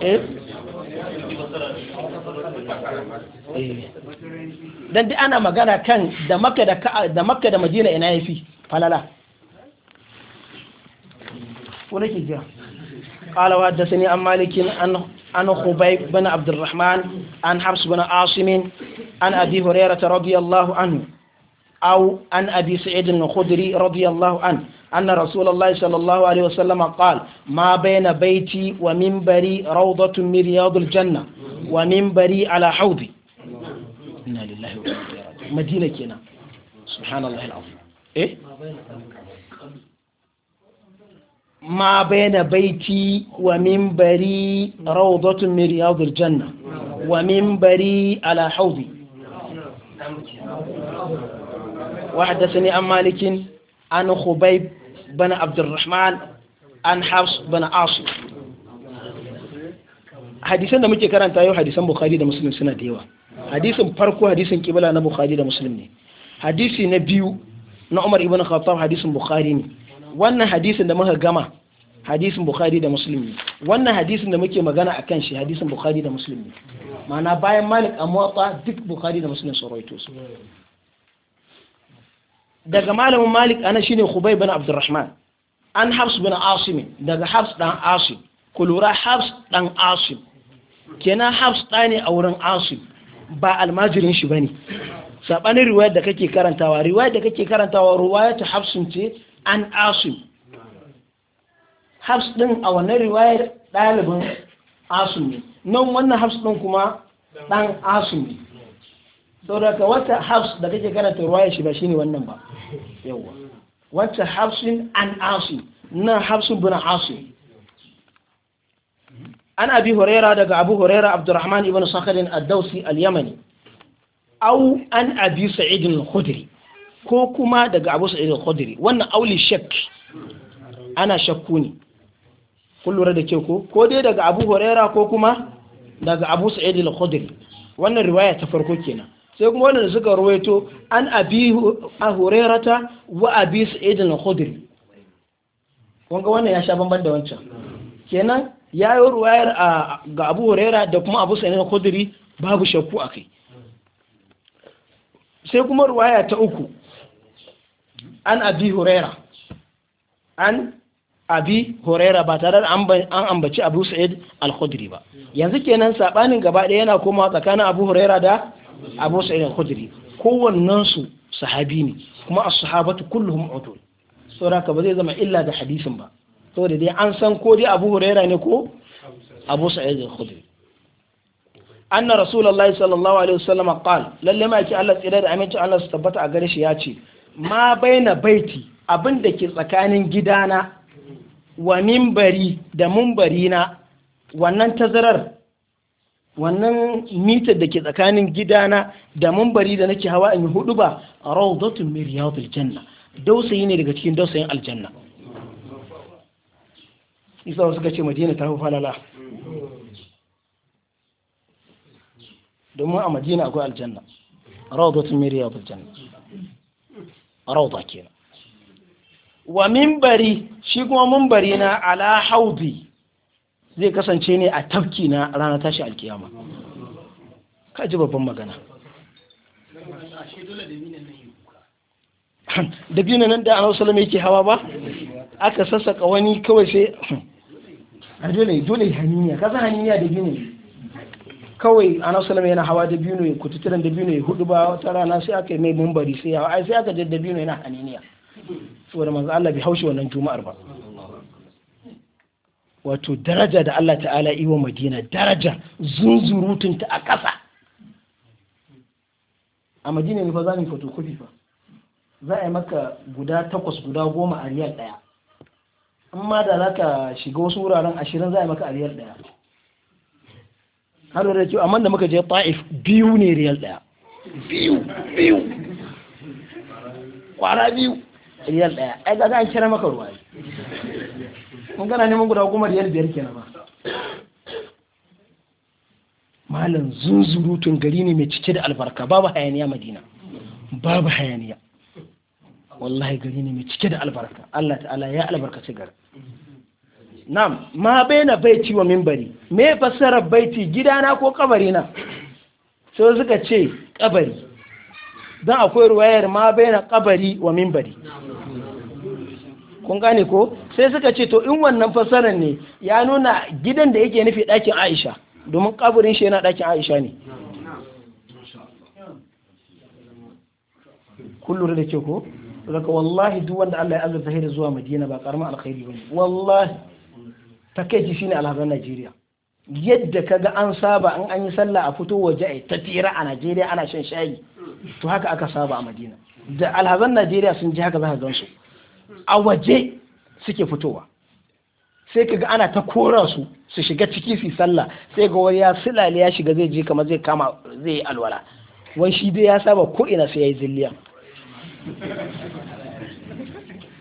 Speaker 1: eh dan duk ana magana kan da makka da da makka da madina ina yafi falala ko nake jiya قال وحدثني عن مالك عن عن خبيب بن عبد الرحمن عن حفص بن عاصم عن ابي هريره رضي الله عنه او عن ابي سعيد الخدري رضي الله عنه أن رسول الله صلى الله عليه وسلم قال ما بين بيتي ومنبري روضة من رياض الجنة ومنبري على حوضي
Speaker 2: إنا لله وإنا
Speaker 1: مدينة كنا سبحان الله العظيم إيه ما بين بيتي ومنبري روضة من رياض الجنة ومنبري على حوضي
Speaker 2: وحدثني عن
Speaker 1: مالك عن خبيب بن عبد الرحمن عن حفص بن عاصم hadisan da muke karanta yau hadisan bukhari da muslim suna da yawa hadisin farko hadisin kibla na bukhari da muslim ne hadisi na biyu na umar ibn khattab hadisin bukhari ne wannan hadisin da muka gama hadisin bukhari da muslim ne wannan hadisin da muke magana akan shi hadisin bukhari da muslim ne ma'ana bayan malik amma muwatta duk bukhari da muslim sun rawaito su daga malamin malik ana shine khubay bin abdurrahman an hafs bin asim daga hafs dan asim ku lura hafs dan asim kenan hafs ɗane a wurin asim ba almajirin shi bane sabanin riwayar da kake karantawa riwayar da kake karantawa riwayar ta hafsun ce an asim hafs din a wannan riwayar ɗalibin asim ne nan wannan hafs din kuma dan asim ne saboda wata hafs da kake karanta ruwaya shi ba shine wannan ba yawa wata hafsin an asu, na hafsin buna asu. an abi huraira daga abu huraira abdurrahman ibn sakhalin ad-dawsi al-yamani Au an abi sa'id al-khudri ko kuma daga abu sa'id al-khudri wannan auli shakk ana shakku ne kun lura da ke ko ko dai daga abu huraira ko kuma daga abu sa'id al-khudri wannan riwaya ta farko kenan sai kuma wannan suka ruwaito an abi hurairata wa abi sa'id al-khudri kun wannan ya sha banban da wancan kenan ya yi ruwayar ga abu huraira da kuma abu sa'id al-khudri babu shakku akai sai kuma ruwaya ta uku an abi huraira an abi huraira ba tare da an ambaci abu sa'id al-khudri ba yanzu kenan sabanin gaba ɗaya yana komawa tsakanin abu huraira da abu sa'id al-khudri kowannen su sahabi ne kuma as-sahabatu kulluhum utul saboda ba zai zama illa da hadisin ba saboda dai an san ko dai abu huraira ne ko abu sa'id al-khudri anna rasulullahi sallallahu alaihi wasallam qala lalle ma yake Allah tsira da aminci Allah su tabbata a gare shi ya ce ma baina baiti abin da ke tsakanin gidana wa mimbari da na wannan tazarar wannan mitar da ke tsakanin gidana da mambari da nake hawa in hudu ba a rawdatun min aljanna janna dausayi ne daga cikin dausayin aljanna isa wasu ce madina ta falala domin a madina akwai aljanna rawdatun min aljanna janna rawda kenan wa minbari shi kuma minbari na ala haudi zai kasance ne a tafki na ranar tashi alkiyama ka ji babban magana (laughs) da biyu nan da annabi salama yake hawa ba aka sassaka wani kawai sai hmm, a dole dole haniya kasa haniniya da biyu kawai annabi salama yana hawa da biyu ne kututiran da biyu ne hudu ba wata rana sai aka yi mai mumbari sai hawa ai sai aka jaddabi ne yana haniniya saboda manzo Allah bai haushi wannan juma'ar ba wato daraja da Allah ta'ala iwa madina daraja zunzurutunta a ƙasa a madina ne fa za mu fotokofi fa za a yi maka guda takwas guda goma a riyal ɗaya amma da za ka shiga wasu wuraren ashirin za a yi maka a riyal ɗaya har da kyau amma da muka je ta'if biyu ne riyal ɗaya biyu biyu kwara biyu riyal ɗaya ai ga an kira maka ruwa mun gana neman guda goma riyal biyar kenan ba malam zunzurutun gari ne mai cike da albarka babu hayaniya madina babu hayaniya wallahi gari ne mai cike da albarka Allah ta'ala ya albarka garin nam ma baina baiti wa minbari me fassara baiti gidana ko kabari na so suka ce kabari dan akwai ruwayar ma baina kabari wa minbari kun gane ko sai suka ce to in wannan fassarar ne ya nuna gidan da yake nufi ɗakin aisha domin kaburin shi yana ɗakin aisha ne kun da ke ko daga wallahi duk wanda Allah ya azurta da zuwa Madina ba karamin alkhairi bane wallahi ji shine alhazan Najeriya yadda kaga an saba an an yi sallah a fito waje ai ta tira a Najeriya ana shan shayi to haka aka saba a Madina da alhazan Najeriya sun ji haka za ka gansu a waje suke fitowa sai kaga ana ta kora su su shiga ciki su sallah sai ga wani ya silale ya shiga zai je kamar zai kama zai alwala wai shi dai ya saba ko ina sai yayi zilliya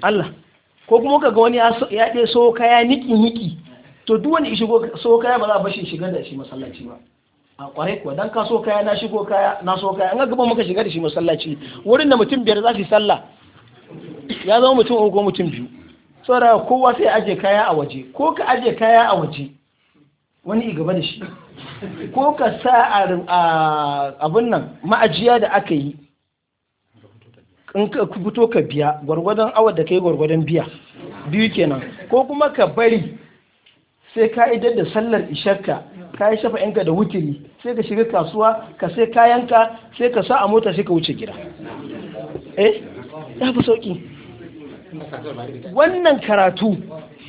Speaker 1: Allah ko kuma kaga wani ya dai so kaya niki niki to duk wani shigo so kaya ba za a bashi shiga da shi masallaci ba a kwarai kuwa dan ka so kaya na shigo kaya na so kaya an ga gaba muka shiga da shi masallaci wurin da mutum biyar za su sallah ya zama mutum uku ko mutum biyu saboda kowa sai ajiye kaya a waje ko ka ajiye kaya a waje wani igaba da shi ko ka sa a abin nan ma'ajiya da aka yi in ka fito ka biya gwargwadon awar da ka yi gwargwadon biya biyu kenan ko kuma ka bari sai ka idar da sallar isharka ka yi shafa yanka da wutiri sai ka shiga kasuwa ka sai kayanka sai ka sa a mota sai ka wuce gida eh ya fi sauki wannan karatu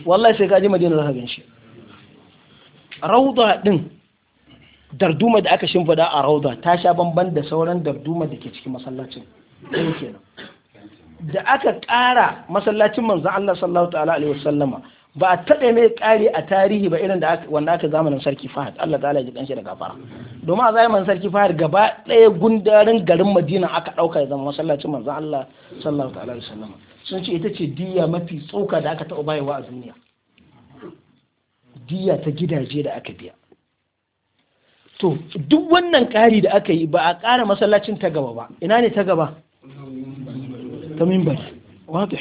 Speaker 1: wallahi sai ka madina za ka gan shi rauda din darduma da aka shimfada a rauda ta sha bamban da sauran darduma da ke cikin masallacin da aka ƙara masallacin manzo Allah sallallahu ta'ala alaihi wasallama ba a taɓa mai ƙari a tarihi ba irin da wanda aka zamanin sarki Fahad Allah ta'ala ya ji kanshi da gafara domin a zamanin sarki Fahad gaba ɗaya gundarin garin Madina aka ɗauka ya zama masallacin manzo Allah sallallahu ta'ala alaihi wasallama sun ce ita ce diya mafi tsoka da aka taɓa bayarwa a duniya diya ta gidaje da aka biya to duk wannan ƙari da aka yi ba a ƙara masallacin ta gaba ba ina ne ta gaba ta mimbar wato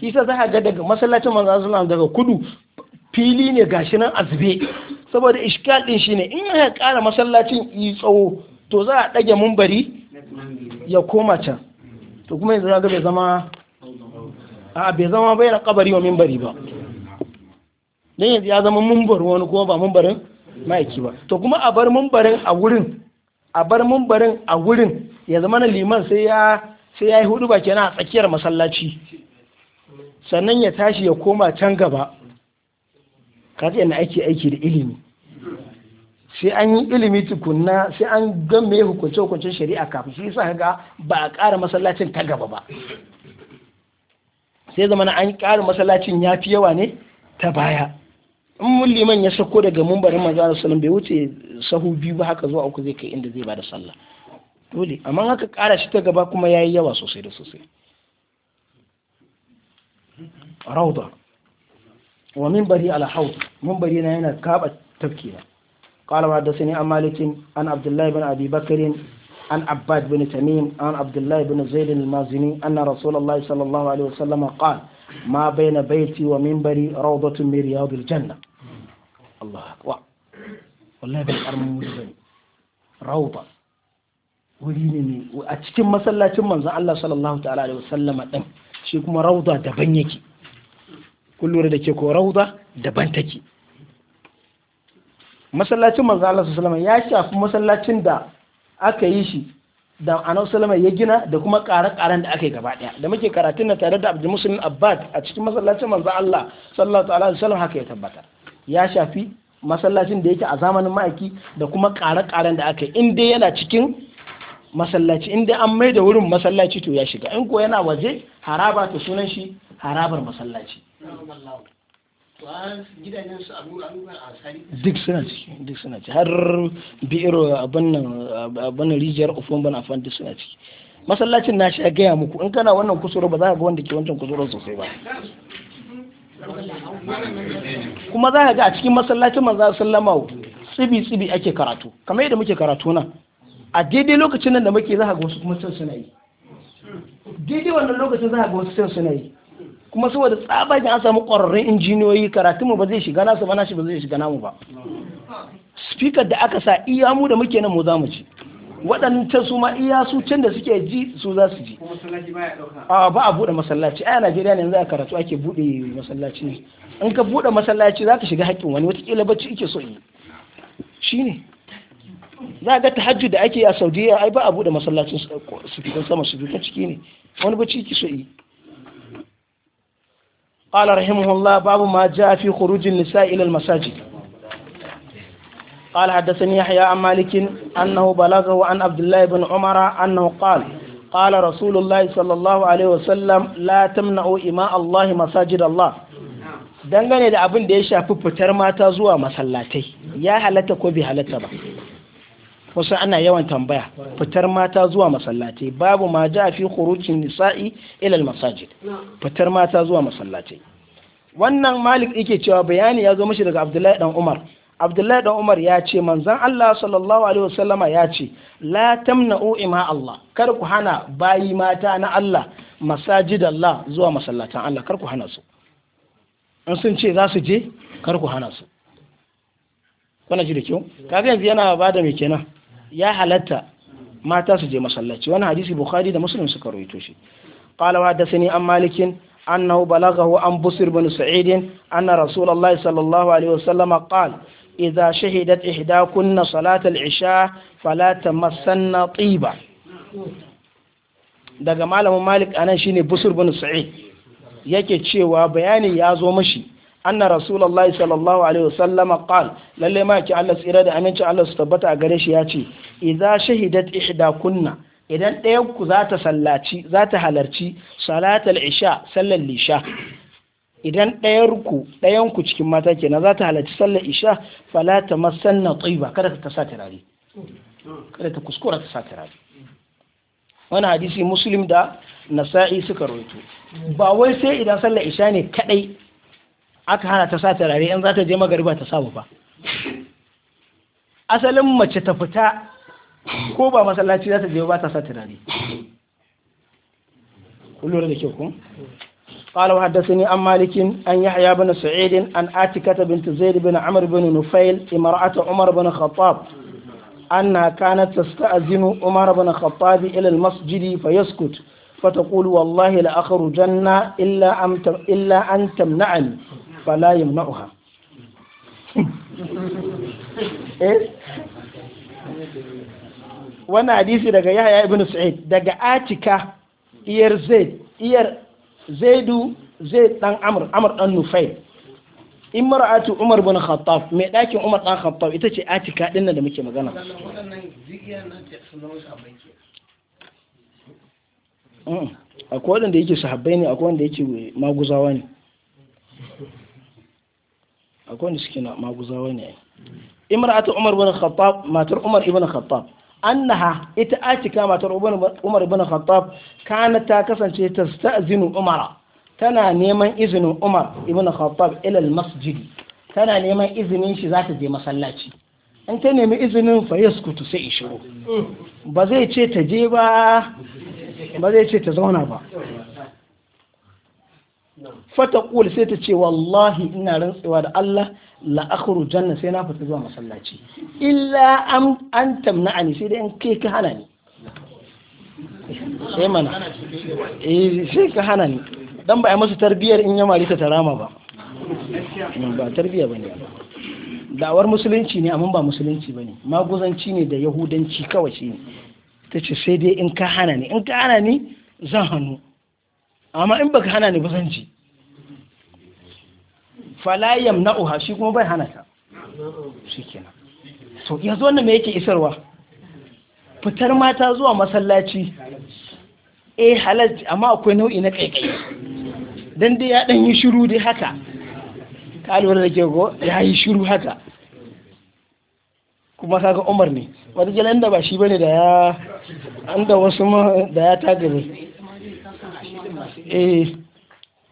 Speaker 1: kisa za a ga daga masallacin manzo daga kudu fili ne gashi nan azbe saboda ishkal din shine in ya ƙara masallacin yi tsawo to za a ɗage mimbari ya koma can to kuma yanzu ga bai zama a bai zama bai na kabari wa mimbari ba don yanzu ya zama mumbar wani kuma ba mumbarin ma'aiki ba to kuma a bar mumbarin a wurin a bar mumbarin a wurin ya zama na liman sai ya sai ya yi hudu ba ke a tsakiyar masallaci sannan ya tashi ya koma can gaba ka ce na aiki aiki da ilimi sai an yi ilimi tukunna sai an gan me hukunce hukuncin shari'a kafin shi sa ga ba a ƙara masallacin ta gaba ba sai zama na an ƙara masallacin ya fi yawa ne ta baya in mun liman ya sako daga mumbarin manzo Allah sallallahu bai wuce sahu biyu ba haka zuwa uku zai kai inda zai bada sallah dole amma haka ƙara shi ta gaba kuma yayi yawa sosai da sosai rauda wa minbari ala haud minbari na yana kaɓa tafkira na وحدثني da sani عن an abdullahi bin abi bakarin عن عباد بن تميم عن عبد الله بن زيد المازني أن رسول الله صلى الله عليه وسلم قال ما بين بيتي ومنبري روضة من رياض الجنة الله أكبر
Speaker 2: والله بالأرم مجزني
Speaker 1: روضة وليني وأتكم مسلا تمن الله صلى الله تعالى عليه وسلم أم شيكم روضة دبنيكي كل ورد كيكو روضة دبنتكي masallacin manzo Allah sallallahu alaihi wasallam ya shafi masallacin da aka yi shi da anau salama ya gina da kuma ƙare-ƙaren da aka yi gaba ɗaya da muke karatun na tare da abdul muslim abbad a cikin masallacin manzo Allah sallallahu da salam haka ya tabbatar ya shafi masallacin da yake a zamanin ma'aiki da kuma ƙara ƙaren da aka yi in dai yana cikin masallaci in dai an mai da wurin masallaci to ya shiga in ko yana waje haraba ta sunan shi harabar masallaci duk suna ciki duk suna ciki har bi'iro abin rijiyar ofin bana suna ciki masallacin na a gaya muku in kana wannan kusuro ba za ka ga wanda ke wancan kusuro sosai ba
Speaker 2: kuma za ka ga a cikin
Speaker 1: masallacin manzo sallama tsibi tsibi ake karatu kamar yadda muke karatu na a daidai lokacin nan da muke za ka ga wasu kuma can suna yi daidai wannan lokacin za ka ga wasu can suna yi kuma saboda tsabagen an samu ƙwararrun injiniyoyi karatunmu ba zai shiga nasu ba nashi ba zai shiga namu ba speaker da aka sa iya mu da muke nan mu za mu Waɗannan waɗancan su ma iya su can da suke ji su za su ji ba a buɗe masallaci a najeriya ne yanzu a karatu ake buɗe masallaci ne in ka buɗe masallaci za ka shiga haƙƙin wani watakila bacci ike so yi shine za ga ta hajji da ake a saudiya ai ba a buɗe masallacin su fitan sama su fitan ciki ne wani bacci ike so yi قال رحمه الله باب ما جاء في خروج النساء إلى المساجد قال حدثني يحيى عن مالك أنه بلغه عن عبد الله بن عمر أنه قال قال رسول الله صلى الله عليه وسلم لا تمنعوا إماء الله مساجد الله dangane da abin da ya shafi fitar mata zuwa masallatai ya halatta ko bai halatta ba wasu ana yawan tambaya fitar mata zuwa masallatai babu ma ja fi khurujin nisa'i ila masajid fitar mata zuwa masallatai wannan malik yake cewa bayani ya zo mishi daga abdullahi dan umar abdullahi dan umar ya ce manzon allah sallallahu alaihi wasallama ya ce la tamna'u ima allah kar ku hana bayi mata na allah masajid allah zuwa masallatan allah kar ku hana su in sun ce za su je kar ku hana su kana ji da kyau kaga yanzu yana bada mai kenan ya halatta mata su je masallaci wani hadisi bukhari da muslim suka rawaito shi qala wa dasani an malikin annahu balagahu an busir bin ana anna rasulullahi sallallahu alaihi wasallam qala idza shahidat ihdakunna salatal isha fala tamassanna tiba daga malamin malik anan shine busur bin sa'id yake cewa bayani ya zo mashi anna rasulullahi sallallahu alaihi wasallama qal lalle ma ki Allah tsira da aminci Allah su tabbata a gare shi ya ce idza shahidat ihda kunna idan ɗayan ku za ta sallaci za ta halarci salatal isha sallar lisha idan ɗayan ku ɗayan ku cikin mata kenan za ta halarci sallar isha fala ta masanna tsiba kada ta sa turare kada ta kuskura ta sa turare wani hadisi muslim da nasa'i suka rawaito ba wai sai idan sallar isha ne kadai aka hana ta sa turare in za ta je magariba ta samu ba asalin mace ta fita ko ba masallaci za ta je ba ta sa turare kullum da kyau kun قال وحدثني عن مالك أن يحيى بن سعيد أن آتكة بنت زيد بن عمرو بن نفيل امرأة عمر بن الخطاب أنها كانت تستأذن عمر بن الخطاب إلى المسجد فيسكت فتقول والله لأخرجن إلا, أم إلا أن تمنعني fala yamna'uha eh wannan hadisi daga Yahya ibn Sa'id daga Atika iyar Zaid iyar Zaidu Zaid dan Amr Amr dan nufai imra'atu Umar bin Khattab mai dakin Umar dan Khattab ita ce Atika dinnan da muke magana akwai wanda yake sahabbai ne akwai wanda yake maguzawa ne akwai wanda suke na maguzawa ne imra'atu umar ibn khattab matar umar ibn khattab annaha ita atika matar umar ibn khattab kana ta kasance ta tasta'zinu umara tana neman izinin umar ibn khattab ila masjidi tana neman izinin shi za ta je masallaci in ta nemi izinin fa yaskutu sai in shigo. ba zai ce ta je ba ba zai ce ta zauna ba fata kul sai ta ce wallahi ina rantsewa da Allah la akhru janna sai na fita zuwa masallaci illa am an tamna'ani sai dai in kai ka hana ni sai mana eh sai ka hana ni dan ba ai masa tarbiyar in ya mari ta tarama ba ba tarbiya bane da'awar musulunci ne amma ba musulunci bane maguzanci ne da yahudanci kawai shi ne ta ce sai dai in ka hana ni in ka hana ni zan hannu amma in baka hana ni kusanci fala yamna'uha shi kuma bai hana ta shikenan to yanzu wannan me yake isarwa fitar mata zuwa masallaci eh halal amma akwai nau'i na kai dan dai ya dan yi shiru dai haka ka lura da ke go ya yi shiru haka kuma kaga Umar ne wata jalan da ba shi bane da ya an da wasu ma da ya tagare eh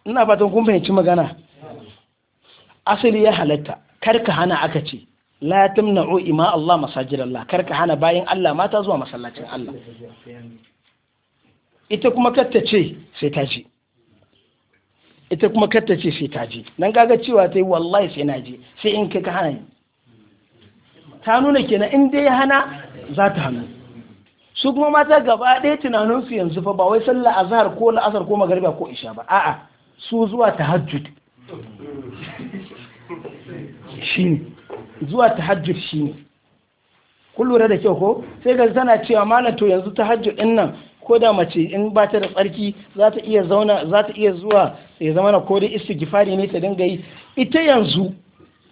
Speaker 1: ina fatan kun fahimci magana asali ya halatta kar ka hana aka ce la tamna'u ima Allah masajid Allah kar ka hana bayan Allah mata zuwa masallacin Allah ita kuma katta ce sai ta ji ita kuma katta ce sai ta je dan kaga cewa ta yi wallahi sai na je sai in ka hana ta nuna kenan in dai hana za ta hannu su kuma mata gaba ɗaya tunaninsu yanzu fa ba wai sallah azhar ko la'asar ko magariba ko isha ba a'a su zuwa tahajjud shine zuwa tahajjud shine ne. lura da kyau ko sai ga tana cewa mana to yanzu tahajjud din nan ko da mace in ba ta da tsarki za ta iya zauna za ta iya zuwa ya zama na kodin istighfari ne ta dinga yi ita yanzu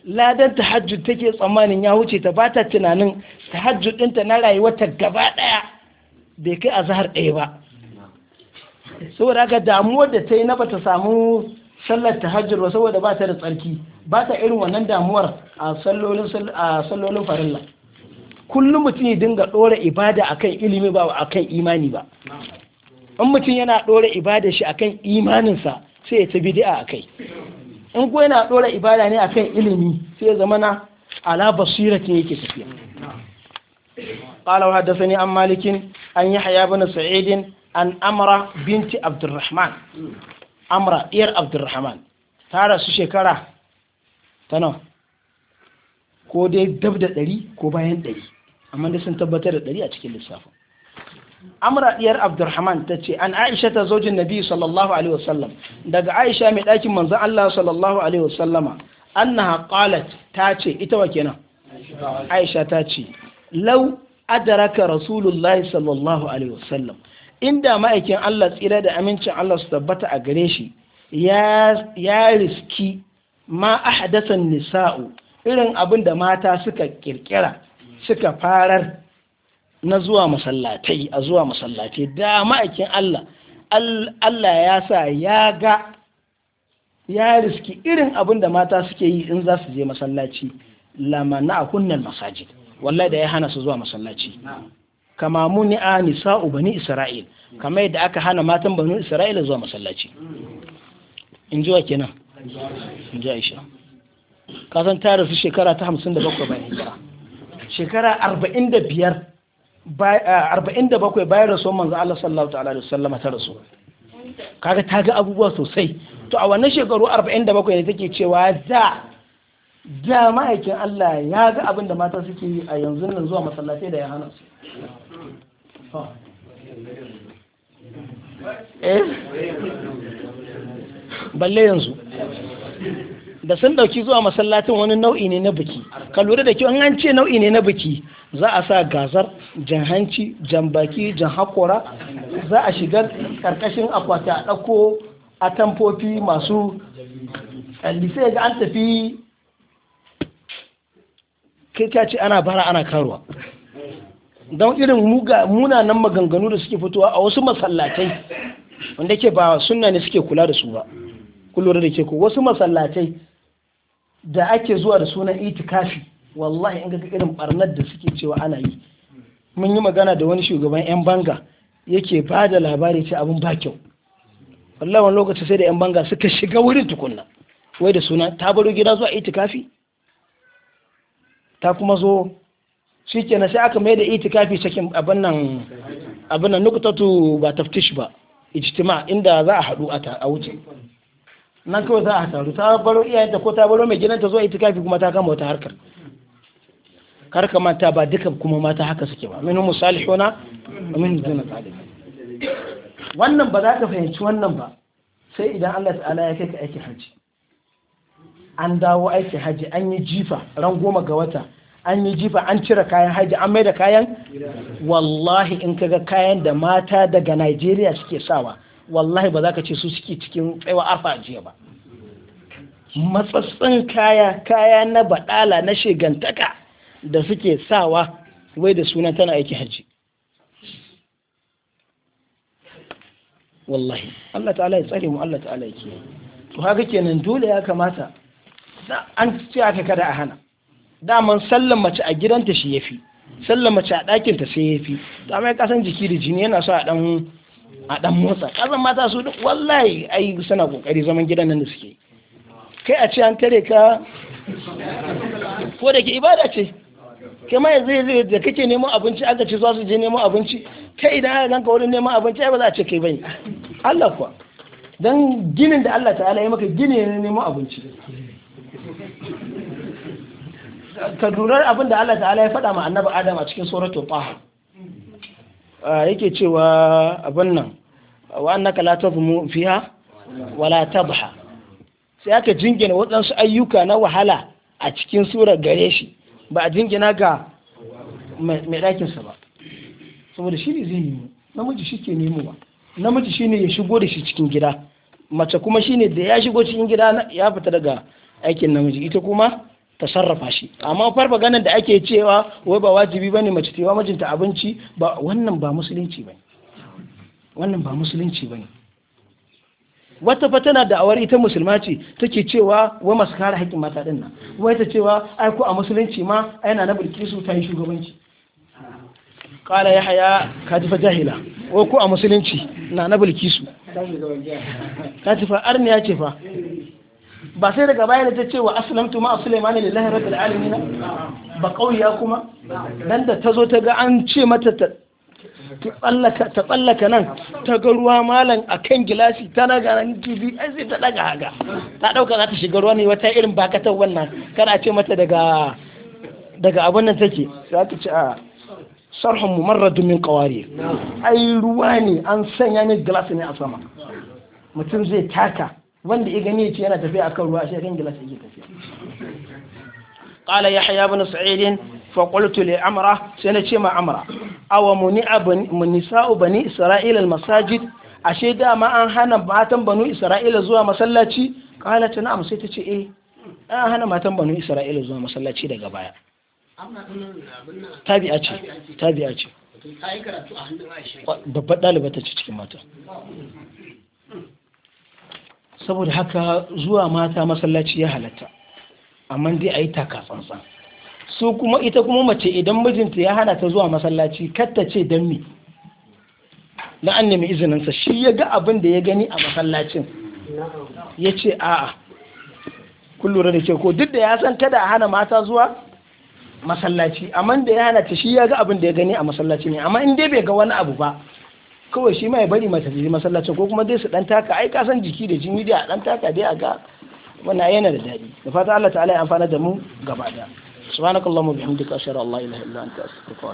Speaker 1: ladan tahajjud take tsammanin ya wuce ta ba ta tunanin tahajjud ɗinta na ta gaba ɗaya bai kai a zahar ɗaya ba saboda haka damuwar da ta yi na bata samu sallar ta hajjar ba saboda ba ta da tsarki ba ta irin wannan damuwar a sallolin farilla kullum mutum ya dinga ɗora ibada akan ilimi ba akan imani ba in mutum yana ɗora ibada shi akan imaninsa sai ya ta a akai in kuwa yana ɗora ibada ne akan ilimi sai ya zama na ala basiratin yake tafiya قال وحدثني عن مالك أن يحيى بن سعيد أن أمرة بنت عبد الرحمن أمرة إير عبد الرحمن ترى شكرا تنو ko dai dab da ɗari ko bayan ɗari amma dai sun tabbatar da ɗari a cikin lissafin amra ɗiyar abdurrahman ta ce an aisha ta zojin nabi sallallahu alaihi wasallam daga aisha mai ɗakin manzon allah sallallahu alaihi wasallama annaha qalat ta ce ita wa kenan aisha ta lau adaraka rasulullahi sallallahu alaihi wasallam inda ma'aikin Allah tsira da amincin Allah su tabbata a gare shi ya riski ma ahdasan nisa'u irin abin da mata suka kirkira suka farar na zuwa masallatai a zuwa masallatai da ma'aikin Allah Allah ya sa ya ga ya riski irin abin da mata suke yi in za su je masallaci lamana a kunnen masajid wallahi da ya hana su zuwa masallaci kama muni'a nisa'u bani isra'il kama yadda aka hana matan bani isra'ila zuwa masallaci in ji wa kenan in ji aisha ka san ta rasu shekara ta 57 bayan hijira shekara 45 47 bayan rasu manzo Allah sallallahu ta'ala alaihi wasallam ta rasu kaga ta ga abubuwa sosai to a wannan shekaru 47 ne take cewa da da ma'aikin Allah ya ga abin da mata suke yi a yanzu nan zuwa masallatai da ya hana su
Speaker 2: eh. balle yanzu
Speaker 1: da sun dauki zuwa masallacin wani nau'i ne na biki ka lura da kyau an ce nau'i ne na biki za a sa gazar jan hanci jan baki jan hakora za a shiga karkashin akwati a ɗauko atamfofi masu tsalli sai ga an tafi kai ka ce ana bara ana karuwa don irin munanan maganganu da suke fitowa a wasu masallatai wanda ke ba sunna ne suke kula da su ba kullum da ke ko wasu masallatai da ake zuwa da sunan itikafi wallahi in ga irin barnar da suke cewa ana yi mun yi magana da wani shugaban yan banga yake ba da labari ce abin ba kyau wallahi wani lokaci sai da yan banga suka shiga wurin tukunna wai da suna ta baro gida zuwa itikafi ta kuma zo shi kenan sai aka mai da itikafi sakin abin abinnan nukutatu ba taftish ba ijtima inda za a haɗu a wuce nan kawai za a taru ta baro iyayenta ko ta baro mai gidanta zuwa itikafi kuma ta kama wata harkar kar ka manta ba duka kuma mata haka suke ba musali shona wa minhum duna salih wannan ba za ka fahimci wannan ba sai idan Allah ta'ala ya kai ka aikin hajji an dawo aikin haji an yi jifa ran goma ga wata an yi jifa an cire kayan haji an mai da kayan wallahi in kaga kayan da mata daga Najeriya suke sawa wallahi ba za ka ce su suke cikin tsaiwa arfa ajiya jiya ba matsatsin kaya kaya na badala na shigantaka da suke sawa wai da suna tana aiki haji wallahi Allah ta'ala ya tsare mu Allah ta'ala ya kiyaye to haka kenan dole ya kamata an cewa aka kada a hana daman sallan mace a gidanta shi ya fi sallan mace a ɗakinta sai ya fi to amma ya kasan jiki da jini yana so a ɗan a ɗan motsa kasan mata su wallahi ai suna kokari zaman gidan nan da suke kai a ce an tare ka ko da ke ibada ce kai ma zai zai da kake neman abinci aka ce za su je neman abinci kai idan aka ganka wurin neman abinci ai ba za a ce kai bane Allah kuwa dan ginin da Allah ta'ala ya maka gine ne neman abinci ka durar abin da Allah ta'ala ya faɗa ma annabi Adam a cikin suratul Taha yake cewa abin nan wa annaka la tazmu fiha wala tabha sai aka jingina wadansu ayyuka na wahala a cikin surar gare shi ba a jingina ga mai sa ba saboda shi ne zai nemo namiji shi ke nemo ba namiji shi ne ya shigo da shi cikin gida mace kuma shi ne da ya shigo cikin gida ya fita daga aikin namiji ita kuma ta sarrafa shi amma ganin da ake cewa wai ba wajibi bane mace ta mijinta abinci ba wannan ba musulunci bane wannan ba musulunci bane wata fa tana da awar ita musulma ce take cewa wai masu kare haƙƙin mata din nan wai ta cewa ai ko a musulunci ma ai na bilkisu ta yi shugabanci qala yahya katifa jahila wai ko a musulunci na na bilkisu katifa arniya ce fa ba sai daga baya ta cewa wa aslamtu ma sulaiman lillahi rabbil alamin ba kauya kuma dan da tazo ta ga an ce mata ta tsallaka nan ta ga ruwa malam a kan gilashi ta daga nan kibi ai sai ta daga haga ta dauka za ta shiga ruwa ne wata irin bakatar wannan kana ce mata daga daga abin nan take za ta ce a sarhun mumarradu min qawari ai ruwa ne an sanya ne gilashi ne a sama mutum zai taka wanda ya gani ce yana tafiya akan ruwa shi kan gilas yake tafiya qala yahya ibn sa'id fa qultu li amra sai na ce ma amra aw muni'a nisa'u bani isra'ila al masajid ashe da ma an hana matan banu isra'ila zuwa masallaci qala ta na'am sai ta ce eh an hana matan banu isra'ila zuwa masallaci daga baya
Speaker 2: tabi'a ce tabi'a ce babbar ɗaliba
Speaker 1: ta ce cikin mata saboda haka zuwa mata masallaci ya halatta amma dai a yi taka tsantsan su kuma ita kuma mace idan mijinta ya hana ta zuwa masallaci katta ce don mi, na an nemi izininsa shi ya ga abin da ya gani a masallacin ya ce a'a kun lura da ke ko duk da ya san kada a hana mata zuwa masallaci amma da ya hana ta shi ya ga abin da ya gani a masallaci ne amma in dai bai ga wani abu ba kawai shi ma ya bari mata jiri masallacin ko kuma dai su dan taka ai kasan jiki da jini da a dan taka dai a ga wannan yana da dadi da fata Allah ta'ala ya amfana da mu gaba da subhanakallahumma bihamdika ashhadu an la ilaha illa anta astaghfiruka